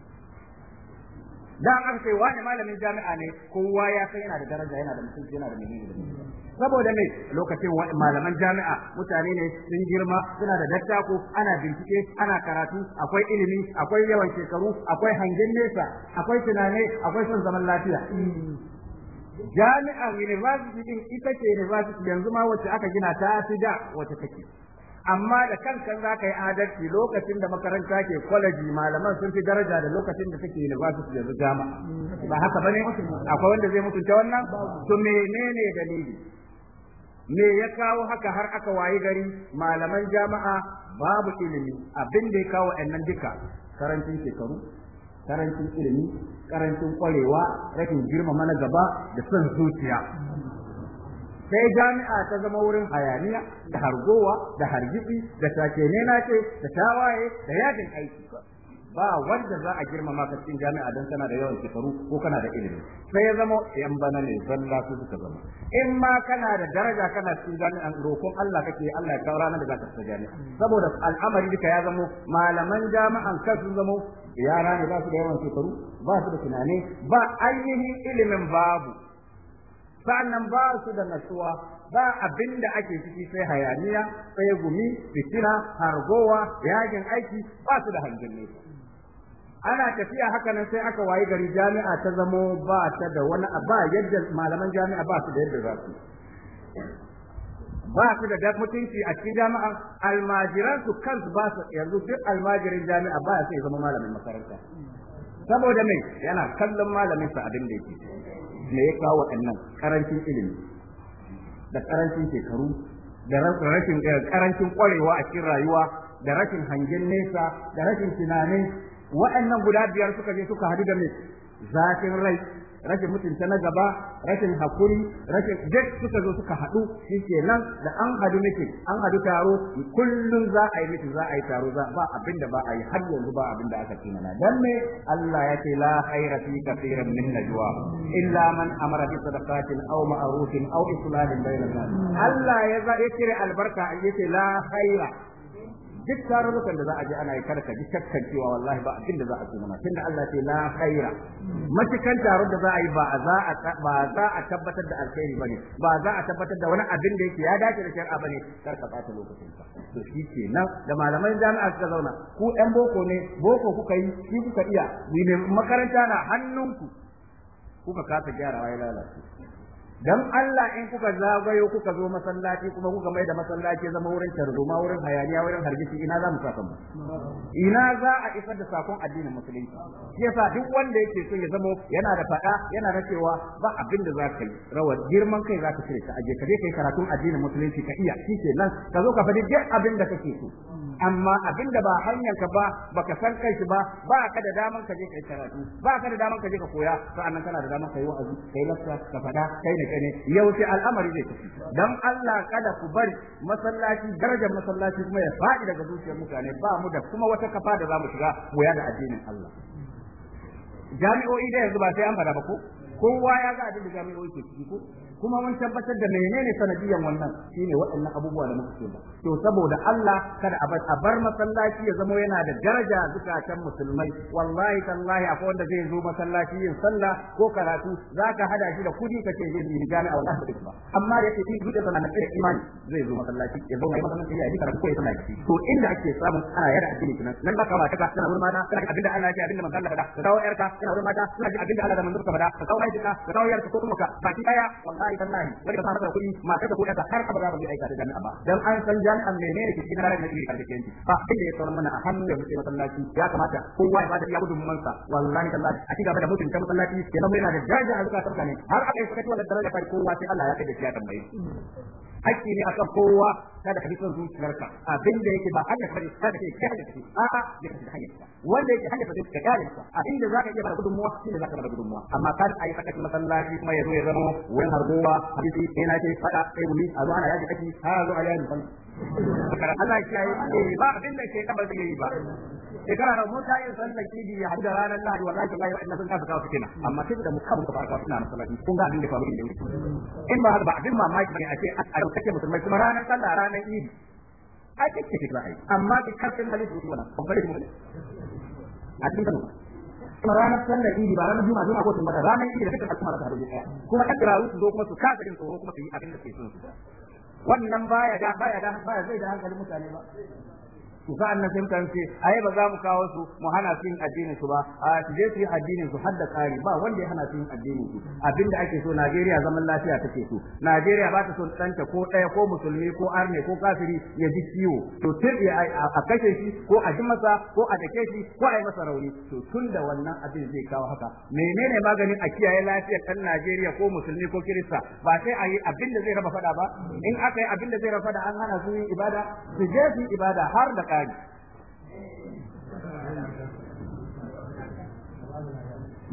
dan an ce wani malamin jami'a ne kowa ya san yana da daraja yana da mutunci yana da muhimmanci saboda me lokacin malaman jami'a mutane ne sun girma suna da dattako ana bincike ana karatu akwai ilimi akwai yawan shekaru akwai hangen nesa akwai tunani akwai son zaman lafiya jami'ar university din ita ce university yanzu ma wacce aka gina ta fi da wacce take amma da kanka za ka yi adalci lokacin da makaranta ke kwalaji malaman sun fi daraja da lokacin da kake university yanzu jama'a ba haka bane akwai wanda zai mutunta wannan to menene dalili me ya kawo haka har aka wayi gari malaman jama'a babu ilimi abin da ya kawo ɗannan duka karancin shekaru karancin ilimi karancin kwarewa rashin girmama na gaba da son zuciya sai jami'a ta zama wurin hayaniya da hargowa da hargitsi da na ce da tawaye da yakin aiki ba wanda za a girmama ka cikin jami'a don kana da yawan shekaru ko kana da ilimi sai ya zama yan bana ne zalla su suka zama in ma kana da daraja kana cikin jami'an roƙon Allah kake Allah ya kawo ranar da za ka fita saboda al'amari duka ya zama malaman jami'an ka su zama yara ne ba su da yawan shekaru ba su da tunani ba ainihin ilimin babu sa'annan ba su da natsuwa ba abinda da ake ciki sai hayaniya sai gumi fitina hargowa yajin aiki ba su da hangin nesa ana tafiya haka nan sai aka wayi gari jami'a ta zamo ba ta da wani ba yadda malaman jami'a ba su da yadda za su ba su da mutunci a cikin jami'a almajiran su kansu ba su yanzu duk almajirin jami'a ba ya zama malamin makaranta saboda mai yana kallon malamin sa abin da yake me ya kawo waɗannan karancin ilimi da karancin shekaru da rashin eh, karancin kwarewa a cikin rayuwa da rashin hangen nesa da rashin tunani waɗannan guda biyar suka je suka hadu da mai zafin rai rashin mutunta na gaba rashin hakuri rashin duk suka zo suka haɗu nan da an haɗu mitin an haɗu taro kullum za a yi mitin za a yi taro za ba abin da ba a yi har yanzu ba abin da aka ce mana dan me Allah ya ce la khaira fi kathirin min najwa illa man amara bi sadaqatin aw ma'rufin aw islahin bainan nas Allah ya za ya kire albarka yace la khaira duk tarurrukan da za a je ana yi karka ji shakkan cewa wallahi ba abin da za a ce tunda Allah ce la khaira matukan taron da za a yi ba za a ba za a tabbatar da alkhairi bane ba za a tabbatar da wani abin da yake ya dace da shari'a bane karka ba ta lokacin ka to shi kenan da malaman jami'a suka zauna ku ɗan boko ne boko kuka yi shi kuka iya makaranta na hannunku kuka kasa gyarawa ya lalace dan Allah in kuka zagayo kuka zo masallaci kuma kuka mai da masallaci zama wurin tarzoma wurin hayaniya wurin hargitsi ina za mu sa kanmu ina za a isar da sakon addinin musulunci shi yasa duk wanda yake so ya zama yana da fada yana da cewa ba abin da za ka yi rawa girman kai za ka cire ta aje ka je kai karatun addinin musulunci ka iya shi nan ka zo ka faɗi duk abin da kake so amma abin da ba hanyar ka ba baka san kai shi ba ba ka da daman ka je kai karatu ba ka da daman ka je ka koya sa'annan kana da daman kai wa'azi kai lafiya ka fada kai ne kai ne yau sai al'amari zai tafi dan Allah kada ku bari masallaci darajar masallaci kuma ya faɗi daga zuciyar mutane ba mu da kuma wata kafa da za mu shiga koya da addinin Allah jami'o'i da yanzu ba sai an fada ba ko kowa ya ga addinin jami'o'i ke ciki ko kuma mun tabbatar da menene sanadiyan wannan shine waɗannan abubuwa da muka ce ba to saboda Allah kada a bar masallaci ya zama yana da daraja zukatan musulmai wallahi tallahi akwai wanda zai zo masallaci yin sallah ko karatu zaka hada shi da kudi kace zai yi gane a wannan ba amma da yake shi duk da na da imani zai zo masallaci ya zo masallaci ya yi karatu ko ya sallaci to inda ake samun ana yada addini kenan nan baka ba ta kana wurin mata kana abinda Allah ya ce abinda manzo Allah faɗa da kawo yarka kana wurin mata kana abinda Allah ya manzo ka faɗa ka kawo aiki kawo yarka ko kuma ka baki daya wallahi wallahi tallahi wanda ka masa kuɗi matar har abada ba aika da jami'a ba dan an san jami'an menene ke cikin ranar da ke karfi kenan fa inda ya saura mana a hannun da mutum masallaci ya kamata kowa ya bada iya gudunmuwan sa wallahi tallahi a da mutunta masallaci ya zama yana da a zuka sarka ne har aka yi wannan daraja kowa sai Allah ya kai da shi ya tambaye hakki ne akan kowa kada ka bi son zuciyarka abin da yake ba Allah ka kada ka kai da shi a'a da hanyar wanda yake haka sai ka kare sa inda zaka iya bada gudunmuwa inda zaka bada gudunmuwa amma kar ayi sakaci masallaci kuma ya zo ya zama wani harbuwa hadisi yana ce fada sai gumi a zo ana yaji aki har zo a yaji ban Allah ya yi eh, ba abinda ke kabar zai yi ba shekara da mun ta yin sallar kidi ya hada ranar Lahadi wallahi wallahi wa'annan sun kasa kawo fitina amma sai da mukabu ka fara kawo fitina masallaci kun ga abin da faru inda yake in ba haka ba abin mamaki ne a ce a dauke musulmai kuma ranar sallah ranar idi a cikin fitina amma kai karfin halin su wannan babbar a cikin Kano kuma ranar sallar idi ba ranar juma'a juma'a ko sun bada ranar idi da suka kuma da haɗu ɗaya kuma kaddara su zo kuma su kasa jin tsoro kuma su yi abin da ke son su wannan baya da baya da baya zai da hankalin mutane ba to sa'an nan sai kan ce ai ba za mu kawo su mu hana su yin addinin su ba a su je su yi addinin su har da ba wanda ya hana su yin addinin su abinda ake so Najeriya zaman lafiya take so Najeriya ba ta so ta ko ɗaya ko musulmi ko arne ko kafiri ya ji ciwo to tun a kashe shi ko a ji masa ko a dake shi ko a yi masa rauni to tun da wannan abin zai kawo haka menene maganin a kiyaye lafiyar ɗan Najeriya ko musulmi ko kirista ba sai a yi abin zai raba fada ba in aka yi abinda zai raba fada an hana su yin ibada su je su ibada har da ƙari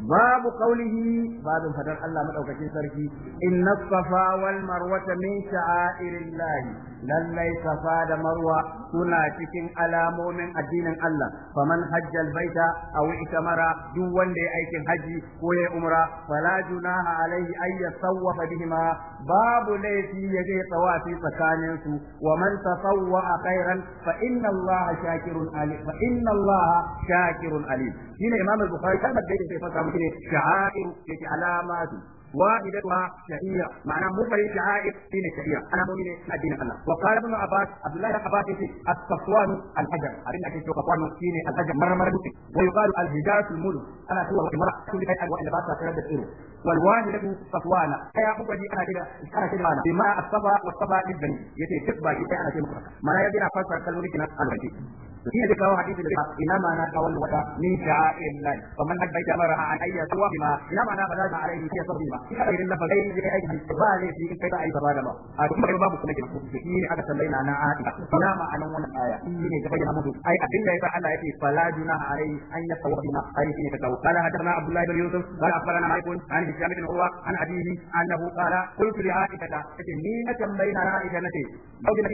babu kaulihi babu fadar Allah madaukakin sarki inna safa wal marwata min sha'airillahi lallai safa da marwa suna cikin alamomin addinin Allah faman hajjal baita aw itamara duk wanda ya aikin haji ko ya umra fala junaha alaihi ay yasawwafa bihima babu laifi ya je tawafi tsakanin su wa man tasawwa khairan fa inna Allah shakirun alim fa inna Allah shakirun alim shine imam al-bukhari kan da yake fasa muke sha'air yake alamatu واحدتها شهية معنى مفرد شعائر دين الشهية أنا مؤمن الدين الله وقال ابن عباس عبد الله عباس الصفوان الحجر أبن أكيد صفوان دين الحجر مرة مرة بسي ويقال الهجاز الملك أنا هو المرأة كل شيء أنواع اللباس وكذا تسيره والواحدة صفوان هي مفرد أنا كده أنا كده أنا بما الصفا والصفا للبني يتي تقبل أنا كده معنى يدينا فصل كلمة الوجه هي ذكر حديث الربا إنما أنا أول وضع من شعائر الله فمن حج بيت أمرها عن أي سوى بما إنما أنا فلا عليه في صديما غير الله فغير ذي أي بالي في كيف أي سبحان الله أكبر باب كنا كنا كثير حدث بين أنا عاتب فلا ما أنا من الآية إني تبين أمد أي أدل يفعل أي فلا جناح عليه أن يتوى بما أي في يتوى قال حدثنا عبد الله بن يوسف قال أخبرنا مالك عن هشام بن عروة عن أبيه أنه قال قلت لعائشة إني أتم بين عائشة نتي أو بن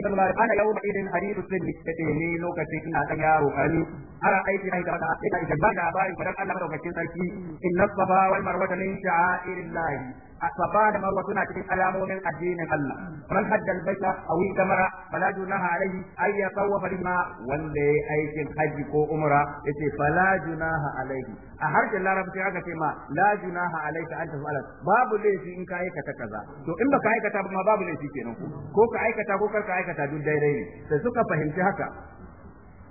أنا يومئذ حديث السن تتهني لوكتي ina kan yaro karami ana aiki ai gaba da ita ita ba labarin fadan Allah madaukakin sarki inna safa wal marwata min sha'airillah safa da marwa suna cikin alamomin addinin Allah man hajja al baita aw kamara fala junaha alayhi ay yatawafa bima wanda yayi aikin haji ko umra yace fala junaha alayhi a harshen larabci aka ce ma la junaha alayka an tafala babu laifi in ka aikata kaza to in baka aikata ba babu laifi kenan ko ka aikata ko kar ka aikata duk daidai ne sai suka fahimci haka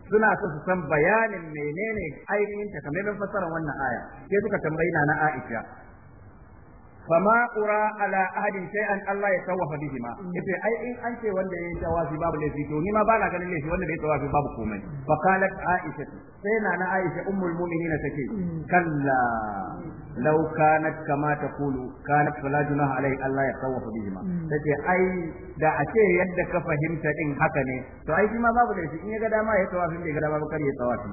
suna so su san bayanin menene ainihin takamaiman fasarar wannan aya sai suka tambayi na Aisha fama ura ala ahadin an Allah ya tawafa bihima mm. yace ai in an ce wanda ya yi tawafi babu laifi to ni ma ba na ganin laifi wanda bai tawafi babu komai fa qalat aisha sai na na aisha ummul mu'minin take mm. kalla law kanat kama taqulu kanat fala junaha alai Allah ya tawafa ma. Mm. tace ai da a ce yadda ka fahimta din haka ne to ai shi ma babu laifi in ya ga dama ya tawafi bai ga dama ba kar ya tawafi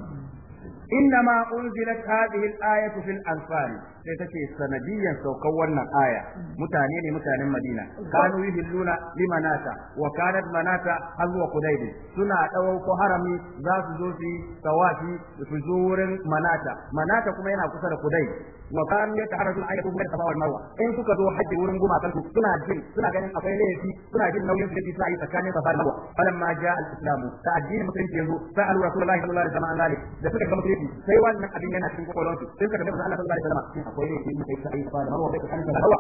إنما أنزلت هذه الآية في الأنصار sai take sanadiyan saukar wannan aya mutane ne mutanen Madina kanu yuhilluna limanata wa kanat manata hazwa kudayd suna ko harami za su zo su tawafi su zo wurin manata manata kuma yana kusa da kudai. wa kan ya ta'arraju ayatu bi da tafawar marwa in suka zo haji wurin gumakan su suna jin suna ganin akwai laifi suna jin nauyin su da yi tsakanin safa da marwa ma ja al-islam ta addini musulunci yanzu sa'alu rasulullahi sallallahu alaihi wasallam da suka ga musulunci sai wannan abin yana cikin kokolon su sai suka ga Allah sallallahu alaihi wasallam akwai ne in kai sai fa marwa bai kan da hawa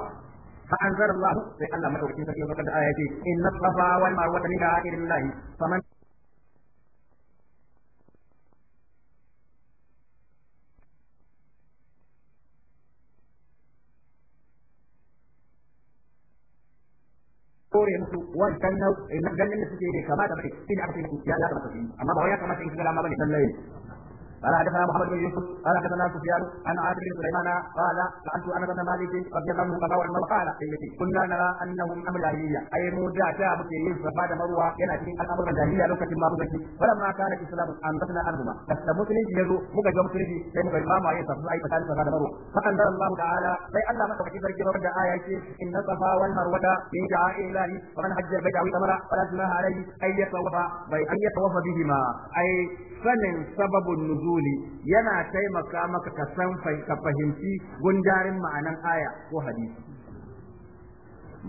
fa anzar Allah sai Allah madaukakin sarki baka da aya ce inna safa wal marwa min da'atillah faman kore musu wancan na ganin da suke kamata bai sai da aka yi ya kamata amma ba wai ya kamata in kaga ma bane sallai قال حدثنا محمد بن يوسف قال حدثنا سفيان عن عاصم بن سليمان قال سالت انس بن مالك رضي الله عنه فقال عنه قال كنا نرى انهم امر جاهليه اي مرجع شاب في يوسف بعد مروى ينا في الامر الجاهليه لو كتب ما فلما كان الاسلام انبتنا عنهما فالمسلم يزو مكا جو مسلم sai muka ba mu ayyuka su ayyuka tare da marwa fa anzara Allah ta'ala sai Allah maka kake zargi da aya ce inna safa wal marwata min ja'ilahi wa man hajja baita wa tamara fala junaha alayhi ay yatawafa bai ay yatawafa bihima ay sanin sababin nuzuli yana taimaka maka ka san ka fahimci gundarin ma'anan aya ko hadisi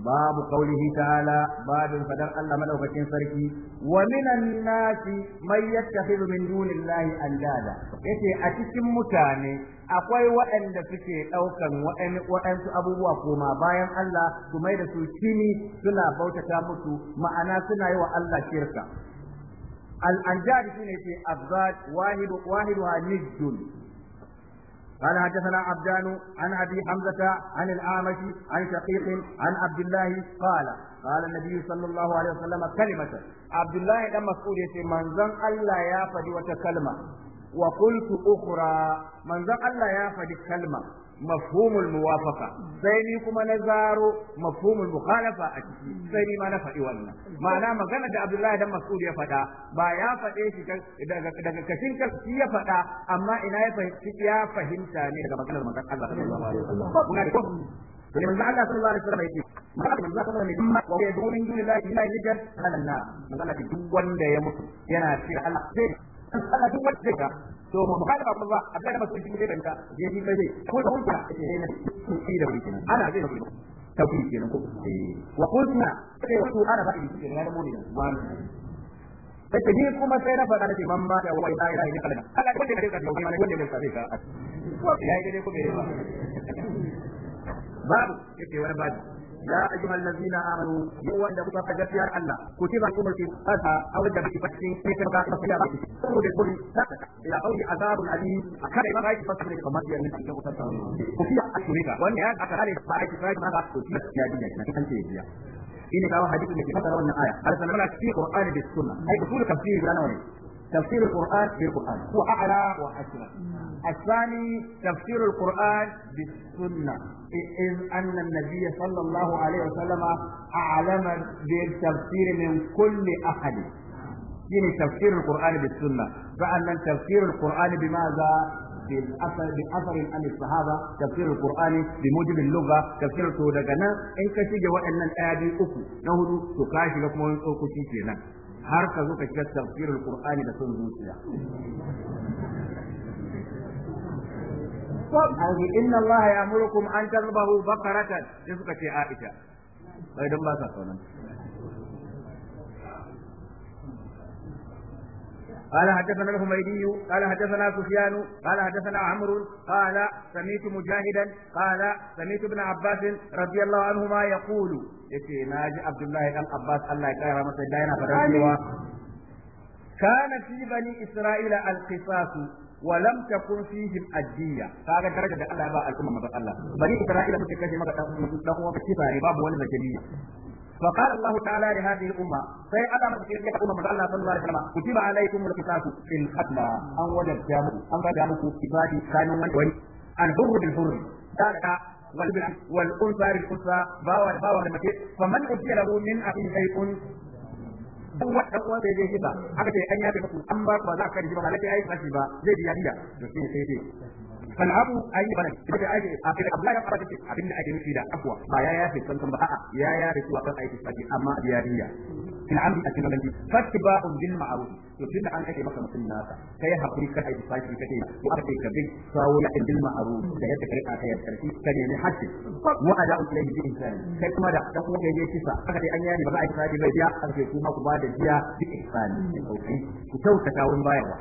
babu qaulihi ta'ala babin fadar Allah madaukakin sarki wa minan nasi may yattakhidhu min dunillahi andada yace a cikin mutane akwai waɗanda suke ɗaukan waɗansu abubuwa koma bayan Allah su mai da su kini suna bautata musu ma'ana suna yi wa Allah shirka الأنجاد شنو أبغاد واحد واحدها نجد قال حدثنا عبدان عن ابي حمزه عن الاعمش عن شقيق عن عبد الله قال قال النبي صلى الله عليه وسلم كلمه عبد الله بن مسعود يتي منزن الله يا فدي وتكلمه وقلت اخرى منزن الله يا فدي كلمه mafhumul muwafaqa sai ni kuma na zaro mafhumul mukhalafa a ciki sai ni ma na faɗi wannan ma'ana magana da Abdullahi dan Mas'ud ya faɗa ba ya faɗe shi daga daga kashin kashi ya faɗa amma ina ya fahimci ya fahimta ne daga maganar manzon Allah sallallahu alaihi wasallam kuna da to ne manzon Allah sallallahu alaihi wasallam yake ma manzon Allah sallallahu alaihi wasallam wa yadu min dunillahi ila yajr halanna manzon Allah to mu ba kuma ba abin da masu cikin da ya yi kai ko da hujja ce ne to shi da wuri ana zai wuri tauhid kenan ko eh. wa qulna sai wato ana ba shi kenan ya mu ne wani sai ta ji kuma sai na faɗa nake man ba da wai da ya ne kallana Allah ko da kake da wani wanda ne sai ka ko ya yi ne ko bai ba babu yake wani babu يا أيها الذين آمنوا يوم أن تكون قد يا الله كتب عليكم القصاص أو جب في فتح في كتاب فيا بك قول قول لا إلى قول عذاب أليم أكاد ما رأيت فتح من كما يا من تكون قد وفي أشهرك وأن هذا أكاد فاعل فاعل ما رأيت كتب يا دنيا أنت يا إنك أو حديث من كتاب وأن آية هذا سنقول في القرآن بالسنة أي أصول تفسير ولا نوعي تفسير القرآن بالقرآن هو أعلى وأسمى الثاني تفسير القرآن بالسنة إذ أن النبي صلى الله عليه وسلم أعلم بالتفسير من كل أحد يعني تفسير القرآن بالسنة فأن تفسير القرآن بماذا بالاثر باثر عن الصحابه تفسير القران بموجب اللغه تفسير to daga nan in ka shige waɗannan ɗaya biyu uku na hudu to ka shiga kuma wani tsokoki kenan har ka zo ka shiga tafsirul qur'ani da son zuciya ko Aji inna Allah ya'murukum an tarbahu baqaratan da suka ce Aisha bai dan ba sa kaunan قال حدثنا الحميدي قال حدثنا سفيان قال حدثنا عمرو قال سمعت مجاهدا قال سمعت ابن عباس رضي الله عنهما يقول yace na ji Abdullahi dan Abbas Allah ya kara masa da yana fadar cewa kana fi bani Isra'ila al-qisas wa lam takun fihim adiyya kaga daraja da Allah ba al'umma maza Allah bani Isra'ila suke kashe maka dan uwa kisa ne babu wani zakariya فقال الله تعالى لهذه الأمة فهي أدام تشيرك أمة من الله صلى الله عليه وسلم كتب عليكم القصاص في القتلى أن وجد جامو أن وجد جامو كتباتي كانوا من الحر بالحر ذلك والبنع والأنثى للأنثى باوى باوى لمكي فمن أتي له من أخيه شيء ba ku ba za ka ji ba ai ba zai biya biya to sai sai sai kan abu a cikin abla ya abin da ake nufi da akwa ba ya yafe san ya yafe aiki amma to tunda an kake maka mutum naka kai hakuri ka aiki fashi kake ko aka kai kabi sawo na bil ma'ruf da yadda kai aka yadda kai ka nemi hakki mu ada ilayhi bi insani kai kuma da dan kuma yaje kisa aka dai an yari ba za a yi bai biya aka ce kuma ku ba da biya bi insani ku kyautata wurin bayarwa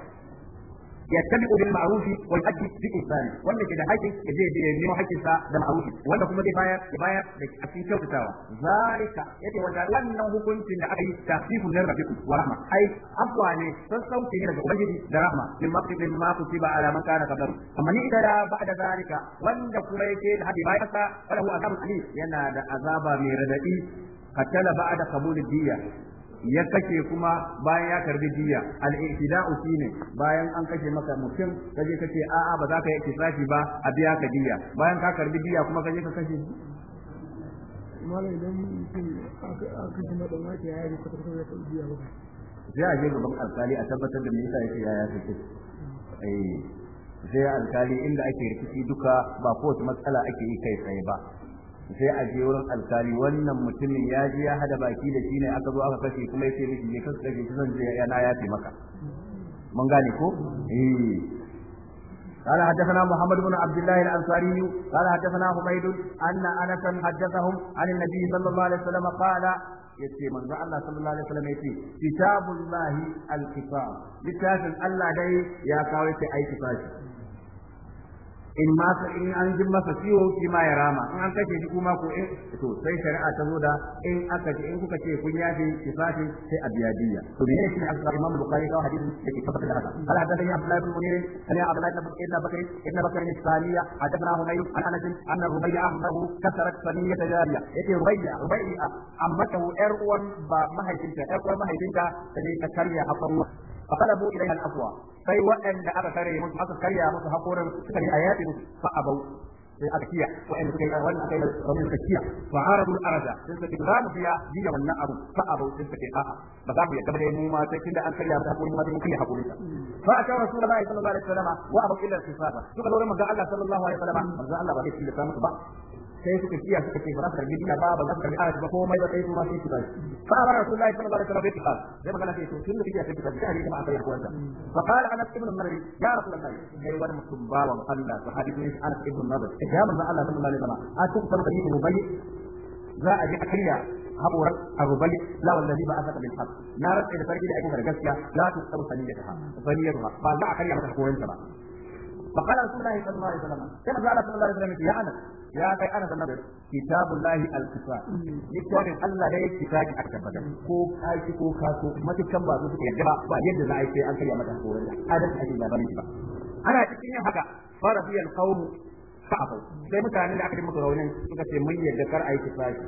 yattabi'u bil ma'ruf wal hajji bi ihsan wanda ke da haƙƙi ya je ya nemo haƙƙin sa da ma'ruf wanda kuma zai bayar ya bayar da cikin kyautatawa zalika yace wanda wannan hukuncin da aka yi tafifu min rabbikum wa rahma ai afwa ne san sauki ne daga ubangiji da rahma min maqti min ma kutiba ala man kana qabla amma ni da ba'da zalika wanda kuma ya yake da haƙƙi bayar sa wala hu azabun alim yana da azaba mai radadi hatta da qabul diyya ya kace kuma bayan ya karbi jiya al-i'tida'u shine bayan an kace maka mutum kaje kace a'a ba za ka yi kisafi ba a biya ka jiya bayan ka karbi jiya kuma kaje ka kace mallam idan mutum aka shi na dan wake ya yi kwatar kwatar ya ɗauki ya baka. Sai gaban alkali a tabbatar da me yasa yake ya ya eh Sai alkali inda ake rikici duka ba kowace matsala ake yi kai tsaye ba. sai a je wurin alkali wannan mutumin ya je ya hada baki da shi ne aka zo aka kashe kuma yace miki ne kanka kashe shi zan je ya maka mun gane ko eh قال حدثنا محمد بن عبد الله الانصاري قال حدثنا حميد ان انسا حدثهم عن النبي صلى الله عليه وسلم قال yace manzo Allah sallallahu alaihi wasallam yace kitabullahi alqisas littafin Allah dai ya kawo yace ai kisashi in ma in an jin masa ciwo shi ma ya rama in an kashe shi kuma ko in eh, to sai shari'a ta zo da in aka ce in kuka ce kun yafi kifafi sai a biya diya to ne shi aka imam bukhari da hadisi da ke tabbata da haka ala da ya abdullahi ibn munir ala abdullahi ibn bakr ibn bakr ibn saliya hadathana humayr an anas an rubayya ahmahu kasarat saniyat jariya yake rubayya rubayya amma ta yar uwan ba mahaifinta yar uwan mahaifinta da ta karya hafarwa فطلبوا إليها الأقوى sai waɗanda aka kare musu aka karya musu hakorin suka yi ayati musu fa a abau sai aka kiya waɗanda suka yi a wannan aka yi ramin suka kiya fa arabul arada sai suka za mu biya biya wannan abu fa abau sai suka a'a ba za mu yadda ba dai mu ma sai tunda an karya musu hakorin ma sai mun kiya hakorin sa fa aka rasulullahi sallallahu alaihi wasallam wa abu illa sifafa suka zo manzo Allah sallallahu alaihi wasallam manzo Allah ba zai tilasta musu ba sai suka kiya suka ce ba karbi dina ba ba za karbi arash ba komai ba sai su ma sai su tashi fa amara rasulullahi sallallahu alaihi wasallam bi qal zai magana sai to tun da kiya sai su tashi hari kuma akai kuwanta fa qala anas ibn mari ya rasulullahi kai wani mutum ba wa Allah sahabi ne anas ibn mari ya manzo Allah sallallahu alaihi wasallam a cikin sarki ne mubayyi za a ji akayya haƙoran arubali la wallazi ba asaka bil haqq na rantsa da farki da ake gaskiya la tusaru saniyataha saniyatuha ba za a karya mata koyon ta ba فقال رسول الله صلى الله عليه وسلم كما قال صلى الله عليه وسلم يا انس ya kai ana sanar da kitabullahi al-kisa littafin Allah da yake kitabi a aka bagar ko kaki ko kaso matukan ba su suke yadda ba yadda za a yi sai an karya mata horon adam a cikin labarin ba ana cikin yin haka fara biyan ta fa'abu sai mutanen da aka yi musu raunin suka ce mun yadda kar a yi kisashi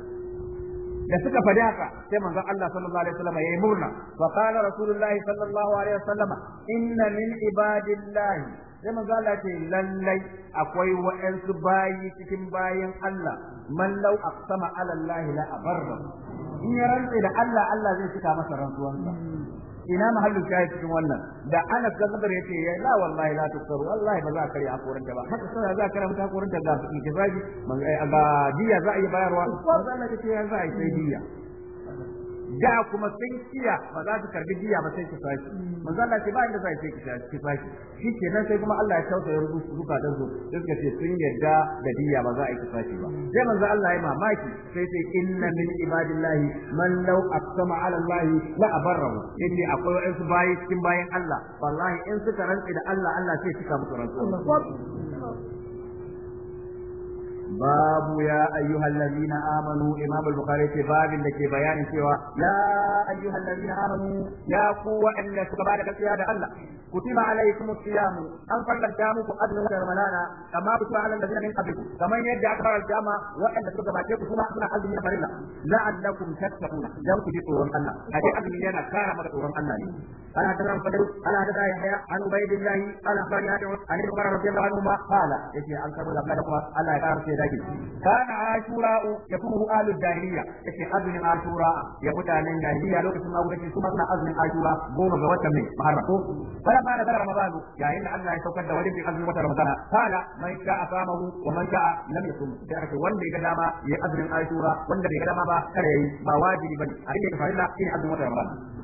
da suka faɗi haka sai manzon Allah sallallahu alaihi wasallam yayi murna wa qala rasulullahi sallallahu alaihi wasallam inna min ibadillahi sai manzo Allah ce lallai akwai wa'ansu bayi cikin bayan Allah man lau aqsama ala Allah la abarra in ya rantsa da Allah Allah zai cika masa rantsuwansa ina mahallin shayi cikin wannan da Anas da Sadar yace ya la wallahi la tusaru wallahi ba za ka kare akoranta ba haka sai za ka ramta akoranta ga ki manzo ga diya za a yi bayarwa manzo Allah ya ce ya za a yi sai diya da kuma sun kiya ba za su karbi jiya ba sai ki saki manzo Allah ce ba inda sai ki ki saki shi sai kuma Allah ya tausa ya rubuta zuka dan da suka ce sun yarda da jiya ba za a yi saki ba sai manzo Allah ya mamaki sai sai inna min ibadillahi man law aqsama ala Allah la abarrahu yace akwai wa'ansu bayi cikin bayin Allah wallahi in suka rantsi da Allah Allah sai suka musu rantsuwa babu ya ayyuhal ladina amanu imam al-bukhari ce babin da ke bayanin cewa ya ayyuhal ladina amanu ya ku wa'anda suka bada gaskiya da Allah kutiba alaykum as-siyam an farlanta muku adnu da ramadana kama kutiba alal ladina min qablikum kamar yadda aka farlanta ma wa'anda suka gabace ku kuma suna azumi na farilla la'allakum tattaquna dan ku ji tsoron Allah a ce azumi yana kara maka tsoron Allah ne قال حدثنا الفضل قال حدثنا يحيى عن عبيد الله قال اخبرني عن ابن عمر رضي الله عنهما قال يجي عن كبر لما الله يقارب في ذلك كان عاشوراء يكون اهل الجاهليه يجي اذن عاشوراء يقول عن الجاهليه لو كنت ما قلت ثم انا اذن عاشوراء قوم بوتم من محرم فلما نزل رمضان يا ان الله يتوكل ولد في اذن وتر رمضان قال من شاء صامه ومن شاء لم يصم ذلك وند يقدama يا اذن عاشوراء وند يقدama ba kare ba wajibi bane abin da ka fara ina azumin watan Ramadan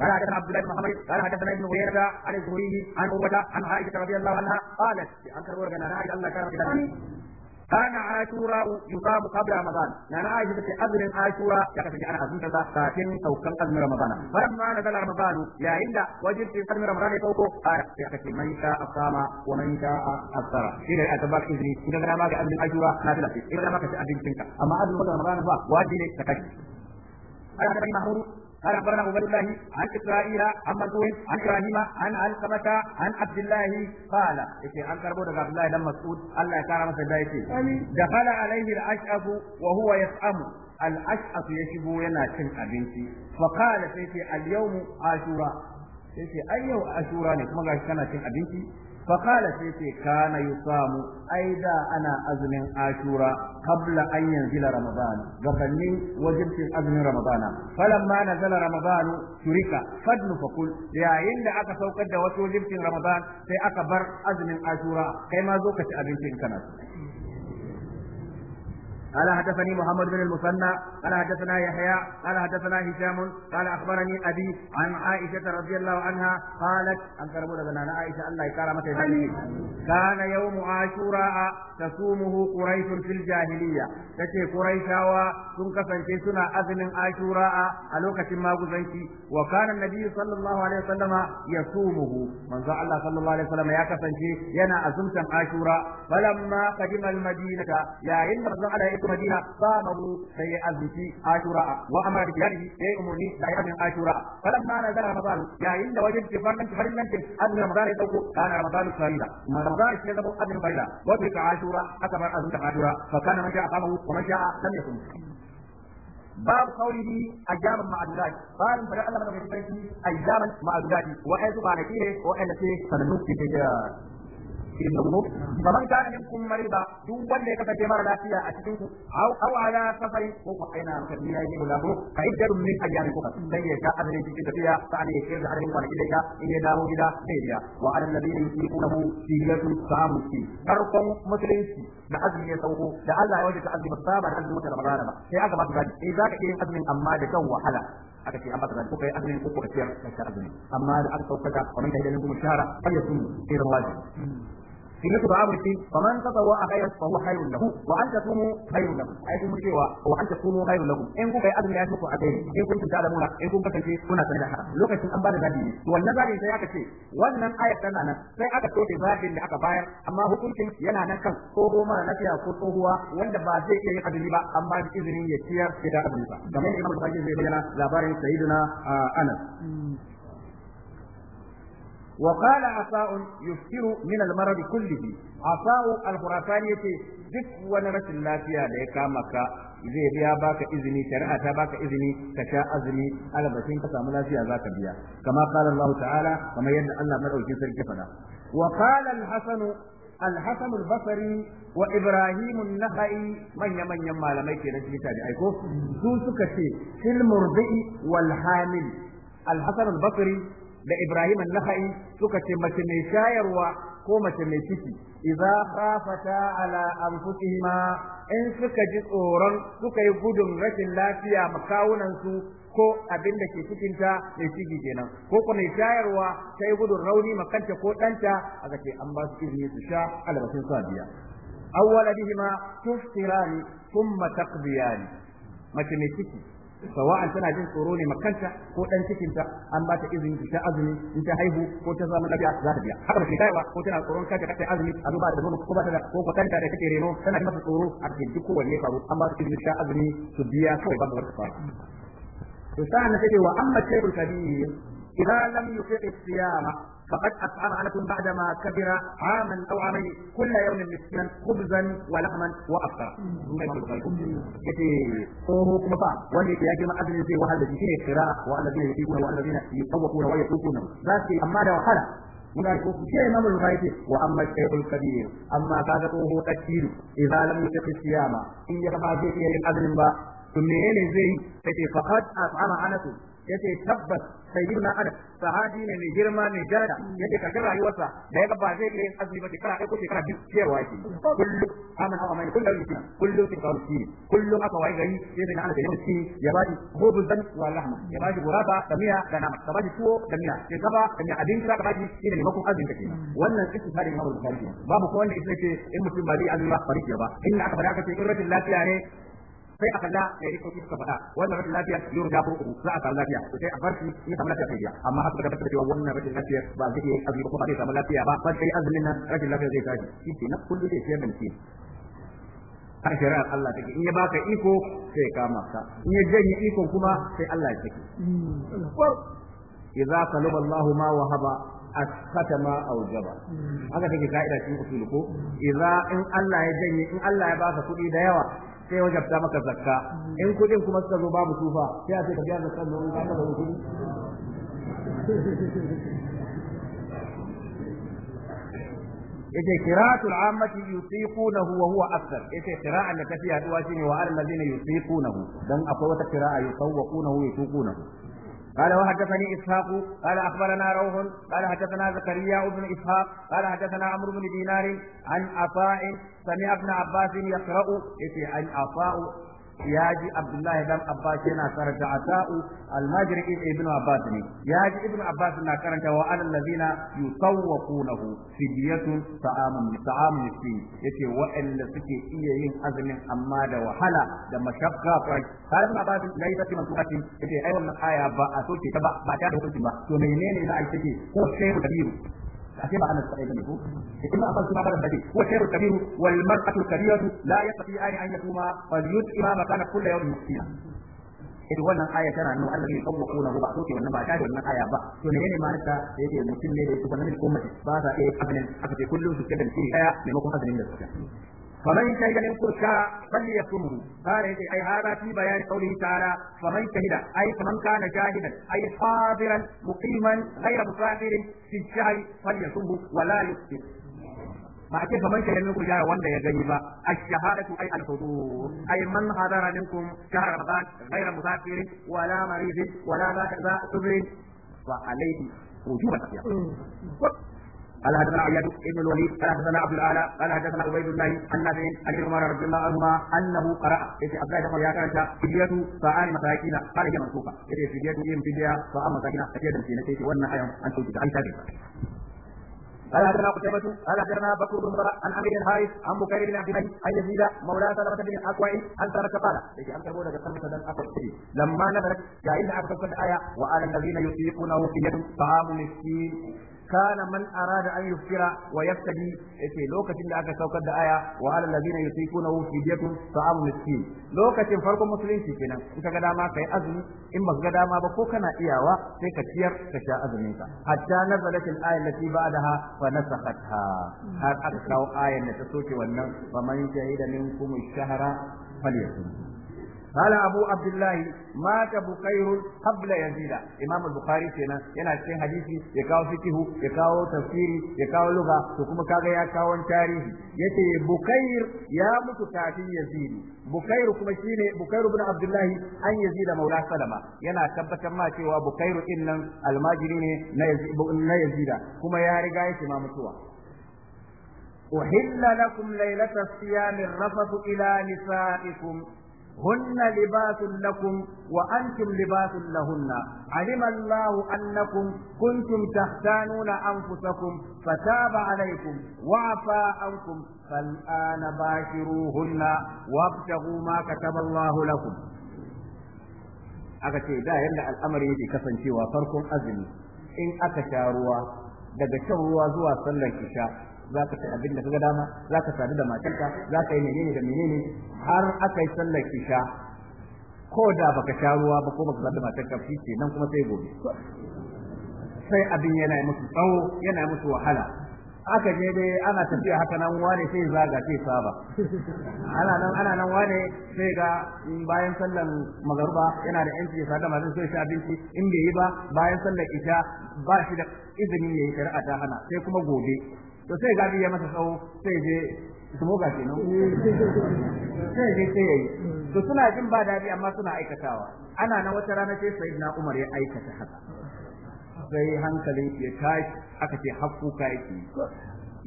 قال حدثنا عبد الله بن محمد قال حدثنا ابن هريره عن الزهري عن عروه عن عائشه رضي الله عنها قالت انكر ورغنا عائشه الله كان كان عاشوراء يقام قبل رمضان لأن عائشة في أذن عاشوراء يقصد أنا أزمت ساكن أو كم أذن رمضان فلما نزل رمضان لا إلا وجدت في أذن رمضان فوقه قال يقصد من شاء صام ومن شاء أفطر إذا أتباك إذني إذا كان معك أذن عاشوراء نازل فيه إذا كان معك أذن تلك أما أذن رمضان فواجب لك تكشف أنا أتبعي محمود قال اخبرنا عبد الله عن اسرائيل عن مسعود عن ابراهيم عن علقمة عن عبد الله قال يتي عن كربو عبد الله بن مسعود الله يكرم سيدايتي دخل عليه الاشعب وهو يسأم الاشعب يشبو ينا كن ابنتي فقال سيتي اليوم عاشوراء sai ce ai yau ashura ne kuma gashi kana cin abinci fa qala sai ce kana yusamu ai da ana azumin ashura qabla an yanzila ramadan gabanin wajibin azumin ramadana falamma nazala ramadan shurika fadnu faqul yayin da aka saukar da wasu wajibin ramadan sai aka bar azumin ashura kai ma zo ka ci abincin kana قال حدثني محمد بن المثنى قال حدثنا يحيى قال حدثنا هشام قال اخبرني ابي عن عائشه رضي الله عنها قالت ان كربوا لنا عائشه الله يكرمك كان يوم عاشوراء تصومه قريش في الجاهليه تتي قريشاوا sun kasance suna azumin ashura'a a lokacin maguzanci wa kana annabi sallallahu alaihi wasallama yasumuhu manzo Allah sallallahu alaihi ya kasance yana azumtan ashura falamma qadima almadinata yayin da manzo Allah ya ku madina ba ma mu da ya azuci ashura wa amara da yari ya yi umarni da ya amin ashura falan ma na zara ramadan yayin da wajen jifar nan jifarin nan jin azumin ramadan ya dauko kana ramadan sarida ma ramadan shi ya zama azumin farida wa bi ka ashura aka bar azumin ashura fa kana man ja'a fa ma mu wa man ja'a lam yakun باب قوله أيام معدودات قال إن فجأة الله من أيام معدودات وأيضا بعد كيه وأيضا في سنة في تجارة ابن ذنوب فمن كان منكم مريضا دون وان يكفى مرة لا فيها أتدوه أو أو على سفر وقعين فإن يجب له فعدة من أيام أخرى لن يشاء أن يجب فيها فأن يشير عليهم وأن إليك إن يداه إلى غيرها وعلى الذين يطيقونه فدية طعام مسكين فرق مسلم da azumi ya sauko da Allah ya wajen azumi ba ba da azumi Ramadan ba sai aka ba gadi eh za ka iya azumin amma da kan wahala aka ce an ba ko kai azumin ko ko ka ciyar da azumi amma da aka sauka da wannan da kuma shahara fa ya irin wajibi في طعام a فمن تطوع خيرا فهو خير له وان تصوموا خير لكم اي كم cewa وان تصوموا خير لكم ان كنت اي azumi ya a akai in kuntum ta'lamuna in kun kasance kuna sanar haka lokacin an bada zabi ne wannan zabin sai aka ce wannan ayat tana nan sai aka toke zabin da aka bayar amma hukuncin yana nan kan tsoho na lafiya ko tsohuwa wanda ba zai iya yin azumi ba an ba da izinin ya ciyar da azumi ba kamar imam Bukhari zai bayyana labarin sayyidina Anas وقال عصاء يفتر من المرض كله عصاء الخرافان يتي ذك ونمت النافية لك مكا زي بيا باك إذني شرعة باك إذني تشاء أذني على بسين قسام ذاك بيا كما قال الله تعالى وما يدن أن مرء الجنس الجفنة وقال الحسن الحسن البصري وإبراهيم النخعي من يمن يما لم يكن رجل تابعي أيكو سوسك في المرضئ والحامل الحسن البصري da Ibrahim al nakhai suka ce mace mai shayarwa ko mace mai ciki idza khafata ala anfusihima in suka ji tsoron suka yi gudun rashin lafiya makawunan su ko abin da ke ta mai ciki kenan ko kuma mai shayarwa ta yi gudun rauni makanta ko danta, aka ce an ba su izini su sha albasin sabiya awwala bihima tuftirani thumma taqdiyani mace mai ciki sawa'an tana jin tsoro ne makanta ko dan cikinta an ba ta izini ta azumi in ta haihu ko ta zama lafiya za ta biya haka ba kai ba ko tana tsoron kanta kace azumi a zuba da nono ko ba ta da ko ko kanta da take reno tana jin masa tsoro a cikin duk kowanne faru an ba ta izini ta azumi su biya kai ba ta fara to an take wa amma shaykhul kabir idan lam yuqit siyama فقد أطعم أنكم بعدما كبر عاما أو عامين كل يوم مسكينا خبزا ولحما وأفطر tsoho kuma fa wanda yake ya girma azumin zai wahala shi ne kira wa allazina yaquna wa allazina yutawwaquna wa yaqutuna za su amma da wahala mun ga ko shi imam al-bukhari ce wa amma shaykhul kabir amma kaga tsoho in ya ba zai iya yin ba zai yi sai faqad at'ama yace tabbas sayyidina adam sahabi ne mai girma mai daraja yace karshen rayuwarsa da yaga ba zai iya yin azumi ba shekara ɗaya ko shekara biyu cewa yake kullu amana wa amana kullu yake kullu fi qawli kullu aka wai gari sai da ana da yake ya bani gobu zan wa rahma ya bani guraba da miya da nama ka bani tuwo da miya sai gaba da miya abin ka bani shine ne makon azumi kake wannan istisari na Bukhari babu ko wanda yake in mutum ba zai azumi ba farki ba in aka bada aka ce in rashin lafiya ne sai a kalla da yake kuma suka faɗa wannan rashin lafiya yau da ko uku za a samu lafiya to sai a bar shi ya samu lafiya sai amma haka da cewa wannan rashin lafiya ba zai yi azumi ko ba zai samu lafiya ba ba sai azumin nan rashin lafiya zai tashi shi ke nan kullu zai tsaya min a shari'ar Allah take in ya baka iko sai kama ka in ya janye ikon kuma sai Allah ya take idza qalaba Allah ma wahaba asfata ma aujaba haka take ka'ida cikin usul ko idza in Allah ya janye in Allah ya baka kudi da yawa sai wajabta maka zakka in kudin kuma suka zo babu tufa sai a ce ka biya zakka don ka taba kudi yace qira'atul ammati yusiqunahu wa huwa akthar yace qira'an da tafi haduwa shine wa alladhina yusiqunahu dan akwai wata qira'a yusawwaqunahu yusiqunahu قال وحدثني اسحاق قال اخبرنا روح قال حدثنا زكريا بن اسحاق قال حدثنا عمرو بن دينار عن عطاء سمع ابن عباس يقرا عن عطاء yaji abdullahi dan abbas yana karanta ata'u almajri ibn abbas ne ji ibn abbas na karanta wa alal ladina yusawwaqunahu fidyatun ta'amun ta'am miskin yace wa'anda suke iya yin azumin amma da wahala da mashakka kai har ibn abbas yayi ta cikin kuɗi yace ai wannan aya ba a soke ta ba ba ta da hukunci ba to menene ne a take ko sai da أكيد أنا سعيد منه إما أقل سمع هذا الحديث هو الشيخ الكبير والمرأة الكبيرة لا يستطيع أن يقوم فليطعم مكان كل يوم مسكينا idan wannan aya tana nuna Allah zai kawo kuna ba soke wannan ba ta da wannan aya ba to ne ne ma'anarta da yake mutum ne da yake kuma ne ko mace ba sa kullum su kada shi aya maimakon da فمن شهد منكم الشهر فليصمه قال اي هذا في بيان قوله تعالى فمن شهد اي فمن كان شاهدا اي حاضرا مقيما غير مسافر في الشهر فليصمه ولا يفطر ba a ce fa man shahida wanda ya gani ba a shahadatu ay al-hudur ay man hadara minkum shahra ramadan ghayra musafirin wala marid wala ba za tubrin wa alayhi wujuban قال حدثنا عياد بن الوليد قال حدثنا عبد الاعلى قال حدثنا عبيد الله عن نافع عن ابن عمر رضي الله عنهما انه قرا في عبد الله بن عمر فديته طعام مساكين قال هي منصوبه في فدية يم فدية طعام مساكين فديته مسكين في وان حيوان ان توجد ان تابع قال حدثنا قتيبة قال حدثنا بكر بن برا عن عمرو الحارث عن بكير بن عبد الله عن يزيد مولى سلمة بن الاكوع عن سلمة قال لكي أنت لك سلمة بن الاكوع لما نزلت جاء إلا أكثر الآية وقال الذين يطيقونه يد طعام مسكين kana man da an yufira wa yaftadi yace lokacin da aka saukar da aya wa alal ladina yusikuna fidyatun ta'amu miskin lokacin farkon musulunci kenan in ga dama kai azumi in baka ga dama ba ko kana iyawa sai ka ciyar ka sha azumin ka hatta nazalat al aya allati ba'daha fa nasakhatha har aka kawo ayar da ta soke wannan faman shahida minkum ash-shahra falyasum قال أبو عبد الله مات بكير قبل يزيد إمام البخاري سينا ينا cikin hadisi ya kawo fikihu ya kawo tafsiri ya kawo lugha to kuma kaga ya kawo tarihi yace bukair ya mutu kafin yazid bukair kuma shine Bukairu ibn Abdullahi an yazid maula salama yana tabbatar ma cewa bukair din nan almajiri ne na yazida kuma ya riga ya ma mutuwa أحل لكم ليلة الصيام الرفث إلى نسائكم هن لباس لكم وأنتم لباس لهن علم الله أنكم كنتم تختانون أنفسكم فتاب عليكم وعفى عنكم فالآن باشروهن وابتغوا ما كتب الله لكم aka ce da yadda al'amari yake kasancewa farkon azumi in aka sha ruwa daga shan ruwa zuwa sallar isha za ka sai abin da ka ga dama za ka sadu da matarka za ka yi menene da menene har aka yi sallar kisha ko da baka sha ruwa ba ko baka sadu matanka. matarka shi ke nan kuma sai gobe sai abin yana musu tsawo yana musu wahala aka je dai ana tafiya haka nan wane sai zaga sai saba ana nan ana nan wane sai ga bayan sallan magaruba yana da yanci sa da sai sha binci in bai yi ba bayan sallan isha ba shi da izinin yayi shari'a ta hana sai kuma gobe to sai gabi ya masa tsawo sai je su moga ke nan sai je sai yayi to suna jin ba dadi amma suna aikatawa ana na wata rana sai sai na Umar ya aikata haka sai hankalin ya tashi aka ce hakku kai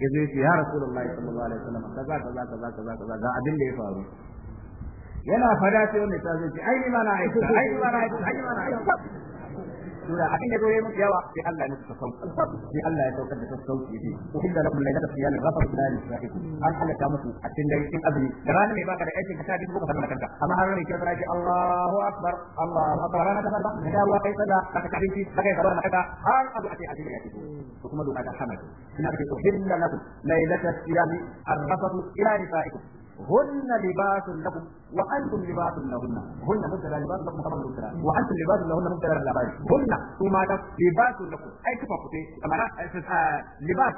ya zai ce ya rasulullahi sallallahu alaihi wasallam kaza kaza kaza kaza kaza ga abin da ya faru yana fada sai wanda ta zai ce ai ni ma na aikata ai ni ma na aikata ai ni ma na aikata sura abin da goye musu yawa sai Allah ya musu sauki sai Allah ya saukar da sauki ne uhilla lakum laylata siyam rafat ila nisaikum an Allah ta musu a cikin dare cikin azumi da rana mai baka da aikin ka tafi ka fara kanka amma har ne ke fara ji Allahu akbar Allahu akbar rana ta fara da Allah kai sada ka ka ka fara kanka har abu a cikin ya ko kuma doka da hamadu ina ce lakum هن لباس لكم وانتم لباس لهن هن مثل لباس لكم كما مبتلى وانتم لباس لهن مثل لباس هن ثم لباس لكم اي كفا كتي اما لباس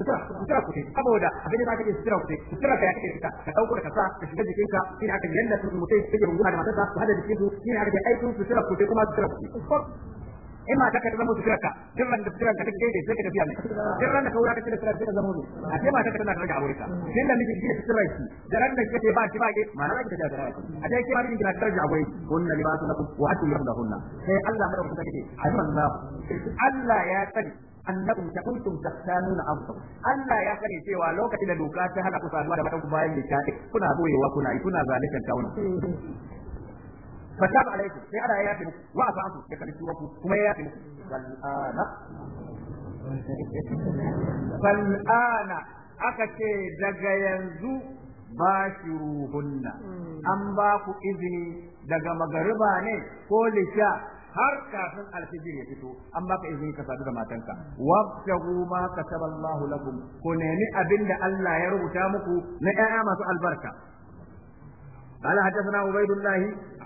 sutura sutura kuce saboda abin da ba sutura kuce sutura ka yake fita ka dauko ka sa ka shiga jikinka ka kan yanda aka mutai mutum yake runguna da matarsa su hada jikin su shi ne aikin sutura kuce kuma sutura kuce in ma taka ta zama suturarka duk ran da suturarka ta gaide sai ka tafiya ne duk ran da kaura ka cire suturar sai ka zama ne a ce ma taka tana rage aure ka din da miji ke suturar shi da ran da kake ba shi ba ke ma na ka ta gara a ce ke ma miji na tarja aure kunna libasu lakum wa atum lahunna sai Allah madaukakin sarki Allah Allah ya sani annakum kuntum tahtanuna anfusakum Allah ya sani cewa lokacin da doka ta hana ku saduwa da madan bayan da kuna boyewa kuna yi kuna zalikan kauna فتاب عليكم sai Allah ya yafe muku wa afa anku كما يأتي kuma ya yafe دقا ينزو ana aka ce daga yanzu bashiruhunna an baku izini daga magariba ne ko har kafin alfijir ya fito an baka izini ka sadu da matanka wabtagu ma kataba Allahu lakum ku nemi abinda Allah ya rubuta muku na ƴaƴa masu albarka قال hadathana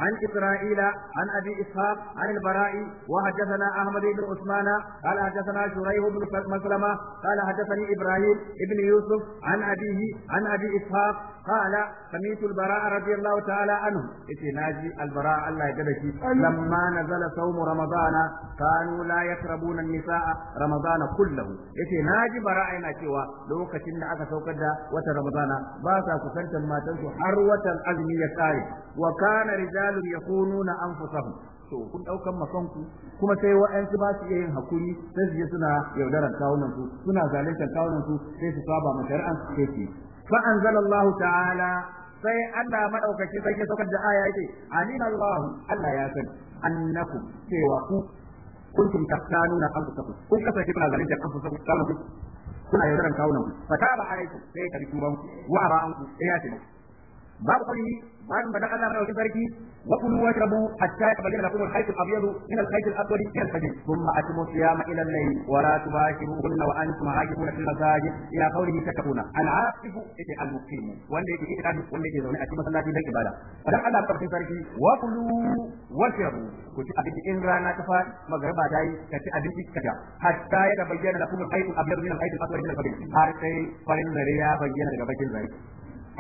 عن إسرائيل عن أبي إسحاق عن البراء وحدثنا أحمد بن عثمان قال حدثنا شريح بن مسلمة قال حدثني إبراهيم بن يوسف عن أبيه عن أبي إسحاق قال سميت البراء رضي الله تعالى عنه ناجي البراء الله يجدك لما نزل صوم رمضان كانوا لا يقربون النساء رمضان كله يتي ناجي براء yana cewa lokacin da aka saukar da watan Ramadana ba sa kusantar matansu har watan azumi ya kare wa kana rijalun yakununa anfusahum to kun daukan makanku kuma sai wa'ansu ba su iya yin hakuri sai su je suna yaudaran kawunan su suna zaluntar kawunan su sai su saba ma shari'an su ce fa anzalallahu ta'ala sai Allah madaukaki sai ke saukar da aya yake alimallahu Allah ya sani annakum cewa ku kuntum taftanuna anfusakum kun kasance kuna zaluntar anfusakum kawunan ku kuna yaudarar kawunan ku fa taba alaikum sai ka bi tuban ku wa ku, sai ya ce babu kulli bayan fadan Allah mai wajen sarki wa kulu wa rabu hatta a lakum al-khayt al-abyad min al-khayt al-aswad min al-fajr thumma atimu siyama ila al-layl wa la tubashiruhunna wa antum aakifuna fil masajid ila qawlihi takuna al-aakifu ita al-muqim wanda yake ita wanda yake zaune a cikin masallaci dan ibada fadan Allah mai wajen sarki wa kulu wa rabu ku ci abinci in rana ta fa magriba dai ka abinci sai farin dare ya bayyana daga bakin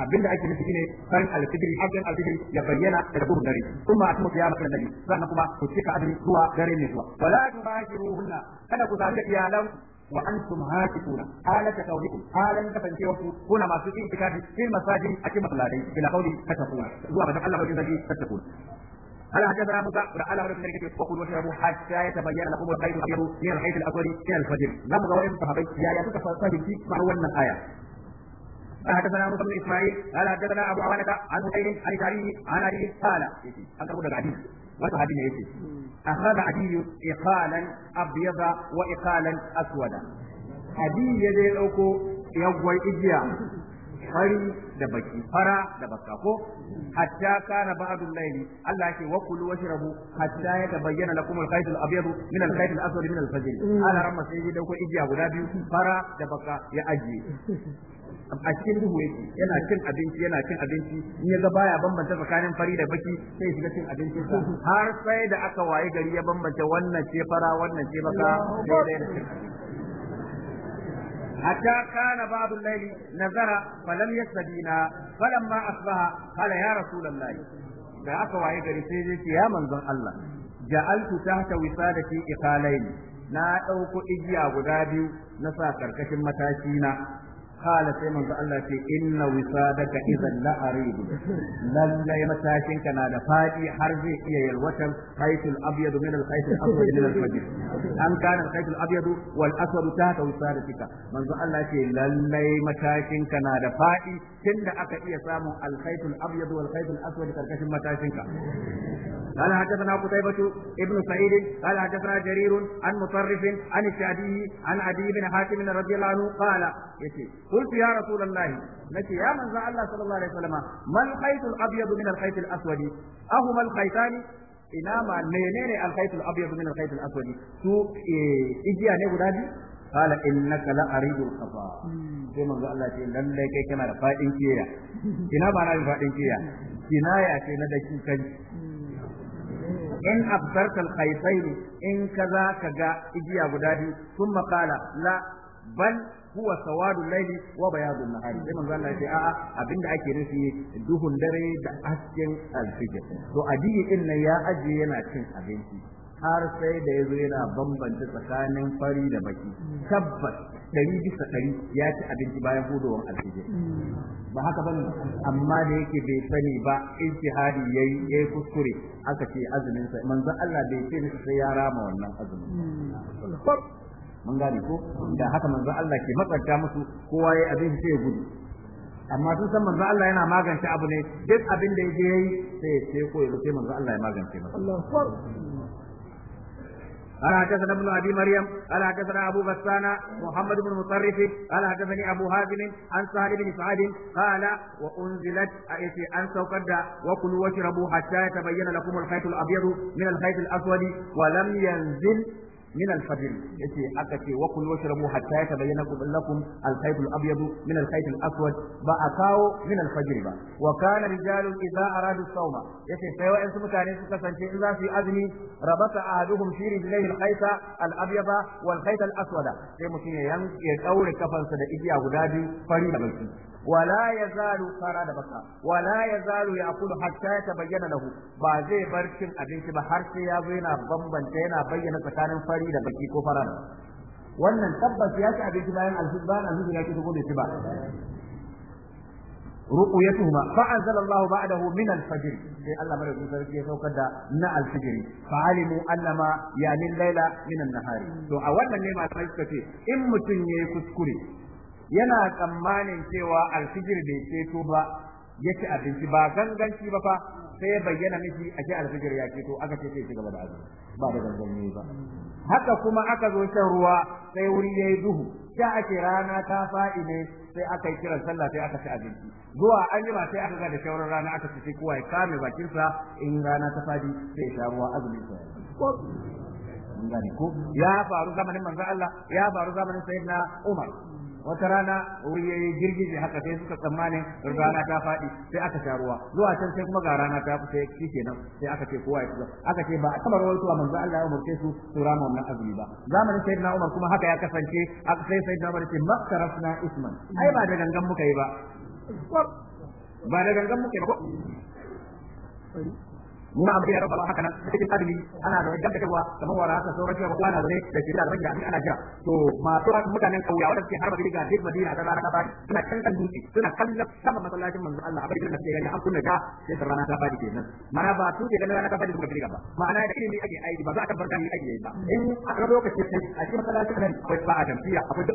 abinda ake nufi ne kan alfitri hakan alfitri ya bayyana daga duhun dare kuma a kuma ya maka nabi sannan kuma ku cika adri zuwa dare ne zuwa wala tubashiruhunna kada ku sami iyalan wa antum hakikuna halata tawhikum ta fanke ku kuna masu yin tikafi fil masajid a cikin masallatai ila qawli tatakuna zuwa ga Allah wajin zaki tatakuna قال حدثنا موسى قال ابن كثير وقل واشربوا حتى يتبين لكم الخير الابيض من الخير الاسود من الفجر لم غوائب الصحابي يا يا تفسر في معنى الايه حدثنا موسى بن اسماعيل قال حدثنا ابو عوانه عن حسين عن شعبي عن علي قال an karbo daga hadisi wata hadisi ne yake akhadha adiyu iqalan abyada wa iqalan aswada adiyu ya dai dauko yagwai fari da baki fara da baka ko hatta kana ba'dul layli Allah yake wa kulu washrabu hatta yatabayyana lakum al-khayt al-abyad min al-khayt al-aswad min al-fajr ana ramma sai ya dauko igiya guda biyu fara da baka ya ajiye a cikin duhu yake yana cin abinci yana cin abinci in ya ga baya bambanta tsakanin fari da baki sai shiga cin abinci har sai da aka waye gari ya bambanta wannan ce fara wannan ce baka daidai da cin abinci حتى كان بعض الليل نزر فلم يستدينا فلما أصبح قال يا da aka waye gari sai dai ce ya manzon Allah ja'altu tahta wisadati iqalaini na dauko igiya guda biyu na sa karkashin mataki na قال سيما الله في إن وسادك إذا لعريض للا يمتاشن كان هذا فاجي حرزي إيا يلوتم خيط الأبيض من الخيط الأسود من الفجر أم كان الخيط الأبيض والأسود تحت وسادتك من الله في للا يمتاشن كان هذا فاجي تند أكا إيا سامو الخيط الأبيض والخيط الأسود كركش متاشنك قال حدثنا قتيبة ابن سعيد قال حدثنا جرير عن مطرف عن الشعبي عن عدي بن حاتم رضي الله عنه قال قلت يا رسول الله نتي يا من الله صلى الله عليه وسلم ما الخيط الأبيض من الخيط الأسود أهما الخيطان ina ma menene alkhaytul abyad min alkhaytul aswad su igiya guda biyu qala innaka la sai manzo Allah ce lalle kai kana da fadin kiyaye ina ba na da fadin kiyaye ya ce na dakikanci in abdarta alqaitayn in kaza ga igiya guda biyu sun qala la bal huwa sawadul layli wa bayadun nahari sai manzo Allah ya a'a abinda ake nufi duhun dare da hasken alfijir to adiyi din nan ya aje yana cin abinci har sai da yazo yana bambanta tsakanin fari da baki tabbas dari bisa dari ya ci abinci bayan hudowar alfijir ba haka bane amma da yake bai sani ba ijtihadi yayi yayi kuskure aka ce azumin sa manzo Allah bai ce shi sai ya rama wannan azumin mun gane ko da haka manzo Allah ke matsanta musu kowa yayi abin sai ya gudu amma sun san manzo Allah yana magance abu ne duk abin da yake yayi sai sai ko sai manzo Allah ya magance masa قال حدثنا ابن ابي مريم قال حدثنا ابو غسان محمد بن مطرف قال حدثني ابو هازم عن سهل بن سعد قال وانزلت ايتي ان سوقد وكلوا واشربوا حتى يتبين لكم الخيط الابيض من الخيط الاسود ولم ينزل Minal al-fajr yace aka ce wa kulu washrabu hatta yatabayyana lakum al-khayt al-abyad min al-khayt al-aswad ba a kawo min al ba wa kana rijalu idza aradu as-sawma yace sai wa'ansu mutane su kasance in za su yi azumi rabata ahaduhum fi rijlihi al-khayt al-abyad wal khayt al sai mutum ya yanke kaure kafansa da igiya guda biyu fari da baki wala يزال fara da baka wala يزال yaqulu حتى يتبين له ba zai bar cin abinci ba har sai ya zo yana bambanta yana bayyana tsakanin fari da baki ko fara wannan tabbas ya ci abinci bayan ya ko ci ba رؤيتهما فأنزل الله بعده من الفجر إيه الله مرة يقول ya يسوك دا نا الفجر فعلموا أنما يعني الليل من النهار تو أولا نيما تفكتي إن يكسكري yana tsammanin cewa alfijir bai ceto ba ya ci abinci ba ganganci ba fa sai ya bayyana miki a ce alfijir ya ceto aka ce sai gaba da azumi ba da gangan ba haka kuma aka zo shan ruwa sai wuri ya yi duhu sha ake rana ta fa'i ne sai aka yi kiran sallah sai aka ci abinci zuwa an ma sai aka ga da shawarar rana aka ci sai kowa ya kame bakinsa in rana ta fadi sai ya sha ruwa azumi sai ko ya faru zamanin manzo Allah ya faru zamanin sayyidina Umar wata rana wuri yayi girgije haka sai suka tsammanin rana ta faɗi sai aka sha ruwa zuwa can sai kuma ga rana ta fi sai kenan sai aka ce kowa ya fita aka ce ba a taba rawaitowa manzo Allah ya umarce su su rama wannan azumi ba zamanin na Umar kuma haka ya kasance aka sai na Umar ce na isman ai ba da gangan muka yi ba ba da gangan muka yi ba ma abu ya rabu haka nan cikin azumi ana da wajen da kamar wara haka sauran cewa kwana zane da shi da rabiya ana jira to masu mutanen kauya wanda suke harba diga da madina da rana ta fadi suna kankan dutse suna kallon sama masallacin manzo Allah a bayyana da gani an kunna sai da rana ta fadi kenan mana ba su ke ganin rana ta fadi kuma diga ba ma'ana da ilimi ake aiki ba za a tabbatar ake ba in a lokaci sai a cikin masallacin nan akwai ba a akwai duk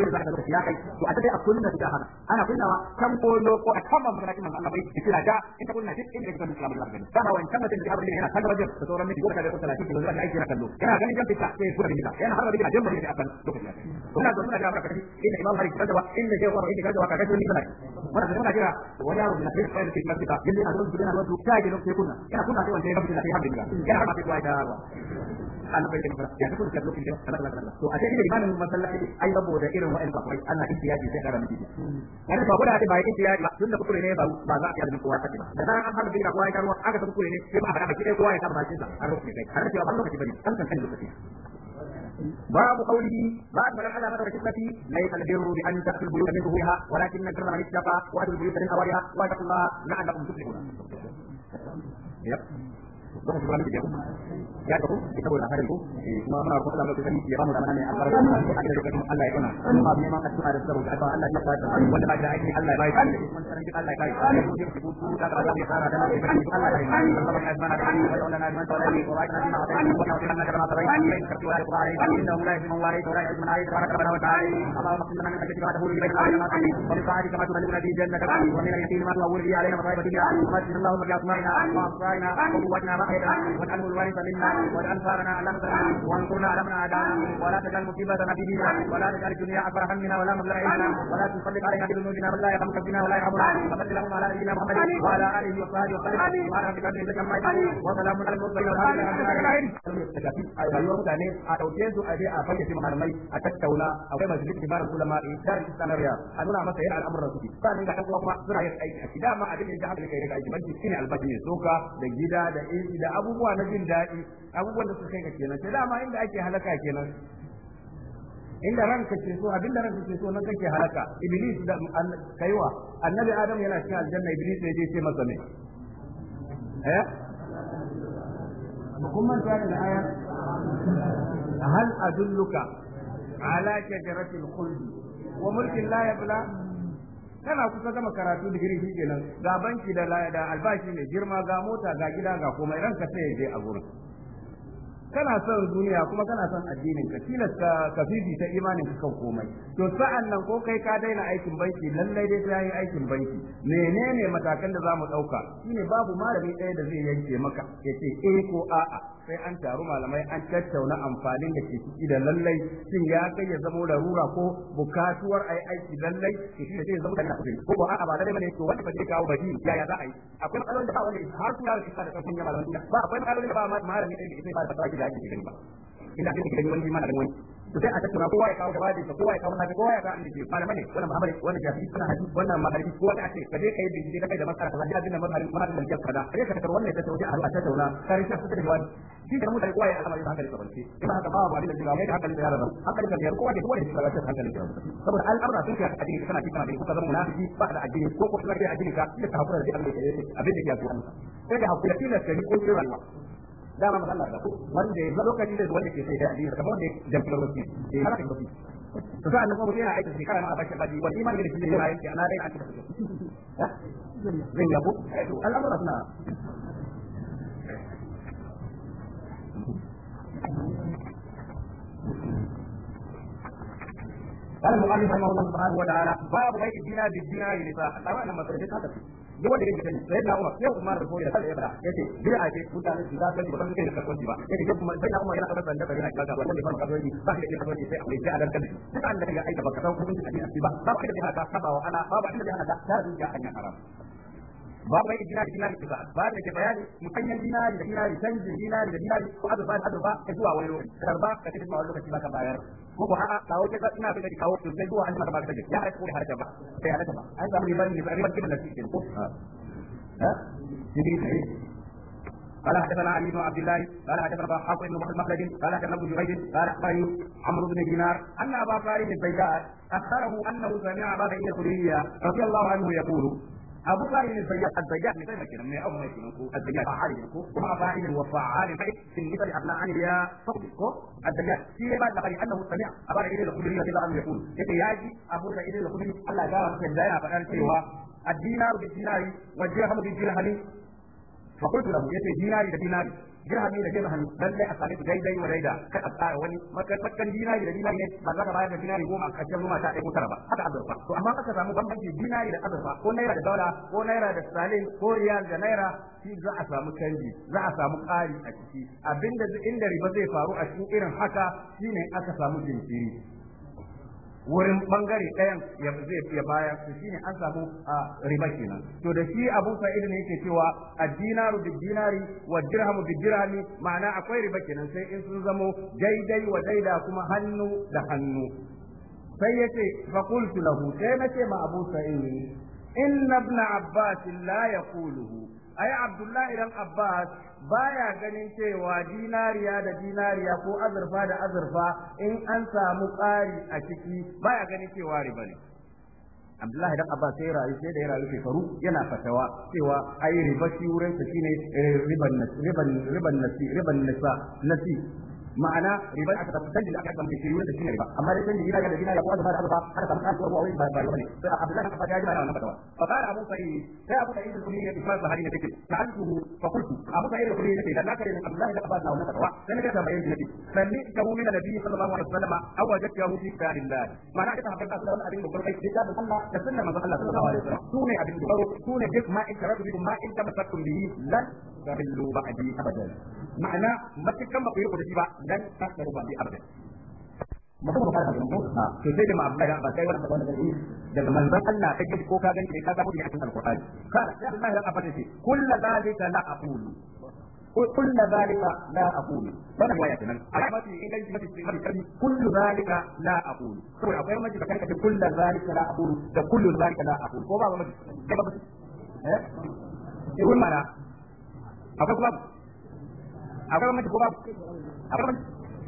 yi da za ka kai to a a kunna da haka ana kunnawa a kan masallacin manzo Allah bai da in ta kunna duk kan mutum da abin yana kan gaban da sauran a goma da kuma talatin da zai aiki na kallo yana ganin jan fita sai kuma bid'a yana a bid'a jama'a a kan lokaci kuna da kuna da abin kafi inda imam hari kada wa inda shehu wa inda kada wa kada kana wannan da kuna jira wa ya rubuta sai sai da fita yanda a zuwa da na wato sai da kuna yana kuna sai wanda ya rubuta sai harba bid'a yana harba bid'a da annabi ya fara ya tafi da lokacin da Allah Allah Allah to a cikin limanin masallaci ai saboda irin wa'in ba kai ana ihtiyaji sai da miji kada ba guda ba ihtiyaji ba tunda kukure ne ba ba za a yi da kowa take ba da zaran an fara da kowa ya karwa aka tafi kukure ne sai ba a fara baki dai kowa ya saba bakin sa har rufe kai har cewa ba lokaci bane kan kan lokaci باب قوله بعد من على مدى الحكمة ليس البر بأن تأتي البيوت من ظهورها ولكن البر من اتقى وأتوا البيوت من أبوابها واتقوا الله لعلكم تفلحون. don su wani bidiyo ya ga ku ki saboda harin ku kuma muna roƙon Allah ku sani ya ba mu da mana albarka a cikin lokacin Allah ya kana amma bi ma addu'a da saboda Allah Allah ya fada wanda ba da aiki Allah ya bai kan sanin ki Allah ya kai da ga Allah ya fara da Allah ya kai Allah ya kai Allah ya fara da Allah ya kai Allah ya kai Allah ya fara da Allah ya kai Allah ya kai Allah ya fara da Allah ya kai Allah ya kai Allah ya fara da Allah ya kai اللهم اغفر لنا من خشيتك ما تهون به بيننا ومن طاعتك ما تبلغنا به جنتك ومن اليقين ما تهون به علينا مصائب الدنيا اللهم اجعل اللهم بأسمائنا وأبصارنا وقوتنا العذاب أيضا واجعله الوارث منا واجعل ثارنا على من وانصرنا على من عادانا ولا تجعل مصيبتنا في ديننا ولا تجعل الدنيا أكبر همنا ولا مبلغ علمنا ولا تسلط علينا بذنوبنا من لا يرحمك بنا ولا يرحمنا وصل اللهم على نبينا محمد وعلى آله وصحبه وسلم سبحان ربك رب العزة عما يصفون وسلام على المرسلين والحمد لله رب العالمين rayuwar mutane a ɗauke su a je a fayyace malamai a tattauna akwai majalis kibar ulama in dar istanariya a nuna masa yin al'amuran su sanin ga kuma suna yin aiki a dama abin da ya hankali kai daga aiki banki shine albashi ne soka da gida da in ci da abubuwa na jin daɗi abubuwan da su kai ka kenan sai dama inda ake halaka kenan inda ranka ke so abinda ranka ke so nan kake halaka iblis da kaiwa annabi adam yana cikin aljanna iblis ne ce masa ne eh kuma ta da aya hal adulluka ala shajaratil khuld wa mulkin la yabla kana kusa gama karatu digiri shi kenan ga banki da da albashi mai girma ga mota ga gida ga komai ranka sai ya je a gurin kana son duniya kuma kana son addinin ka tilasta ka ta imanin ka kan komai to sa'an nan ko kai ka daina aikin banki lallai dai sai yi aikin banki menene matakan da zamu dauka shine babu malami ɗaya da zai yanke maka yace eh ko a'a sai an taru malamai an tattauna amfanin da ke ciki da lallai shin ya kai ya zamo da rura ko bukatuwar ai aiki lallai shi ne zai zama kana kudi ko a'a ba dai bane to wani ba zai kawo baki ya ya za a yi akwai matsalolin da ba wanda har su ya shi da kafin ya malamai ba akwai matsalolin da ba malami da ke ba da ba ina cikin wani mana da wani to sai a tattauna kowa ya kawo gabaɗin sa kowa ya kawo nafi kowa ya kawo inda ke malama ne wannan mahamari wannan jafi wannan hadisi wannan maharbi kowa ta ce ka je kai bincike da kai da masara kaza jabin nan maharbi maharbi da jafi kaza sai ka tattauna wannan ta tattauna a tattauna karin sa suka da jawabi shi da mutane kowa ya al'amari hankali sa barci haka ba wani da jiga mai da hankali da hankali da yaran kowa ke kowa hankali da saboda al'amura sun kana kuka zama munafiki ba da addini ko ko kana da addini ka da ka hakura da abin da ke abin da ke yaso sai da hakuri da tilasta ni ko rayuwa dama masalla da ku wanda ya lokaci da wanda ke sai da hadisi kamar da jamfar wasi da ya haraka eh, to sai annabi kuma yana aiki shekara ma a bashi baji wani imani da shi yana aiki ana dai aiki zai yabo al'amura suna قال المؤلف رحمه الله سبحانه وتعالى باب بيع الدينار بالدينار لصاحب طبعا لما ترجع هذا duk wanda yake sani sai da Umar sai Umar da koyi da sai da yace bi a ce mutane su za su ba san kai da kasuwanci ba yace duk kuma sai da Umar yana kafa sanda bari na kaga wanda ba kasuwanci ba sai da yi sai aure da adan kan duk an da aika baka san hukunci a cikin ba ba kai da haka sabawa ana ba ba da haka da zuciya hanya haram babu wani dinari dinari ba ba da ke bayani mutanyen dinari da dinari canjin dinari da dinari ko azurfa da azurfa ka zuwa wani lokaci karba ka cikin wani lokaci ba bayar ko ko a'a kawo ke ina so ki kawo to sai zuwa an maka ba ka ya ai ko harka ba sai harka ba an samu riban ne riban kin da shi ko ha ni ne قال حدثنا علي بن عبد الله قال حدثنا ضحاك بن محمد مخلد قال حدثنا ابو جريج قال اخبرني عمرو بن دينار ان ابا طالب البيداء اخبره انه سمع ابا سعيد الخدري رضي الله عنه يقول abu sa'id ne sayyid ad-dajjal ne sai kenan mai abu mai kenan ko ad-dajjal fa'al ne ko kuma fa'il wa fa'al bai sun yi sai abna an ya faqdi ko ad-dajjal shi ba da kai annahu a abara ilai da kudri da Allah ya kulu yake yaji abu sa'id da kudri Allah ya ga da yana faɗar cewa a dinaru da dinari wa dirhamu bi dirhami fa qultu lahu yace dinari da dinari dirhami da dirhami dan dai a sami su daidai wa daida kada a tsara wani makakkan dinari da dinari ne ba za ka bayar da dinari goma a ƙarshen ruma ta ɗaya tara ba haka azurfa to amma aka samu bambanci dinari da azurfa ko naira da daula ko naira da salin ko riyal da naira shi za a samu canji za a samu ƙari a ciki abinda inda riba zai faru a cikin irin haka shine aka samu jinkiri wurin bangare ɗayan ya zai ya baya su shine an samu a riba kenan to da shi Abu Sa'id ne yake cewa addinaru dinaru bid-dinari wa dirhamu bid-dirhami ma'ana akwai riba kenan sai in sun zamo daidai wa daida kuma hannu da hannu sai yace fa qultu lahu sai nace ma Abu Sa'id inna ibn Abbas la yaquluhu ay Abdullah ibn Abbas baya ganin cewa dinariya da dinariya ko azurfa da azurfa in an samu ƙari a ciki baya ganin cewa riba ne Abdullahi dan Abba sai rayu sai da ya rayu shekaru yana fatawa cewa ai riba shi wurin sa shine riban nasi riban nasi riban nasa nasi ma'ana riba aka tabbata da aka tabbata shi ne da shi riba amma dai canji da gida ya kwada da arba aka tabbata ko wai ba ba ne sai abdullahi aka fada jama'a wannan fatawa fa qala abu sa'id sai abu sa'id al ne take fa qultu abu da naka abdullahi da wannan fatawa sai ne sanni ka mu min nabi sallallahu alaihi wasallam aw wajadahu fi sabilillah ma'ana ka tabbata da wannan da Allah da sunna manzo Allah sallallahu alaihi wasallam abin da duk ma in karatu ma in bihi lan tabillu ba'di abadan ma'ana matakan ba ku yi ku da shi ba lan taqdaru bi abadan mutum ba ka ko to sai da ma abada ba sai wannan wannan gari daga manzon Allah kake ko ka gani ka ga mutum a cikin alqur'ani kana Allah ya abada ce kullu zalika la aqulu كل ذلك لا أقول فأنا رواية كمان أما في إنجليز ما كل ذلك لا أقول كل أقول ما جبت كذا كل ذلك لا أقول كل ذلك لا أقول هو بعض ما جبت كذا بس يقول معنا أقول akwai mace ko ba akwai mace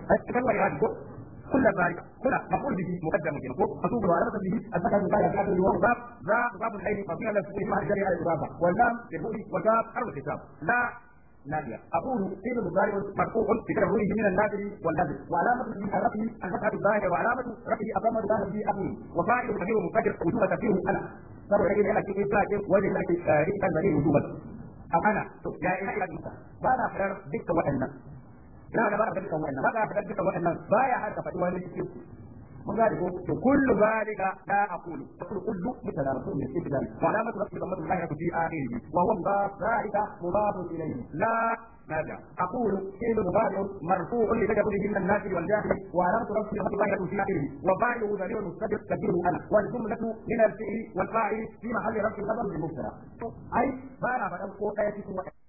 a cikin كل ذلك هنا مفعول به مقدم من فوق مكتوب على مثل به الذكر قال في اخر الواو باب ذا باب العين قصير على سكون مع على الاضافه واللام للبؤر والكاف حرف الحساب لا نادية أقول إن مضارع مرفوع بتكرره من النادر والنادر وعلامة من حرفه الفتحة الظاهرة وعلامة رفعه أقام الظاهر به أقول وفاعل ضمير منفجر وجوب تفسيره أنا صار العلم على كيف وجه لك ريحا ذليل وجوبا amana to ya ina ina ba na fadar dukkan waɗannan ina da ba na dukkan waɗannan ba na fadar dukkan waɗannan baya har ka faɗi wani cikin ku mun gane ko to kullu zalika la aqulu kullu wa huwa zalika ilayhi la ماذا؟ اقول فعل مضارع مرفوع لسبب به من الناكر والجاهل وعلامه رفعه أن ظاهره في اخره وفاعله ذريع مستتر تجده انا والجمله من الفعل والفاعل في محل رفع الخبر بالمبتدا اي فانا بدل قوه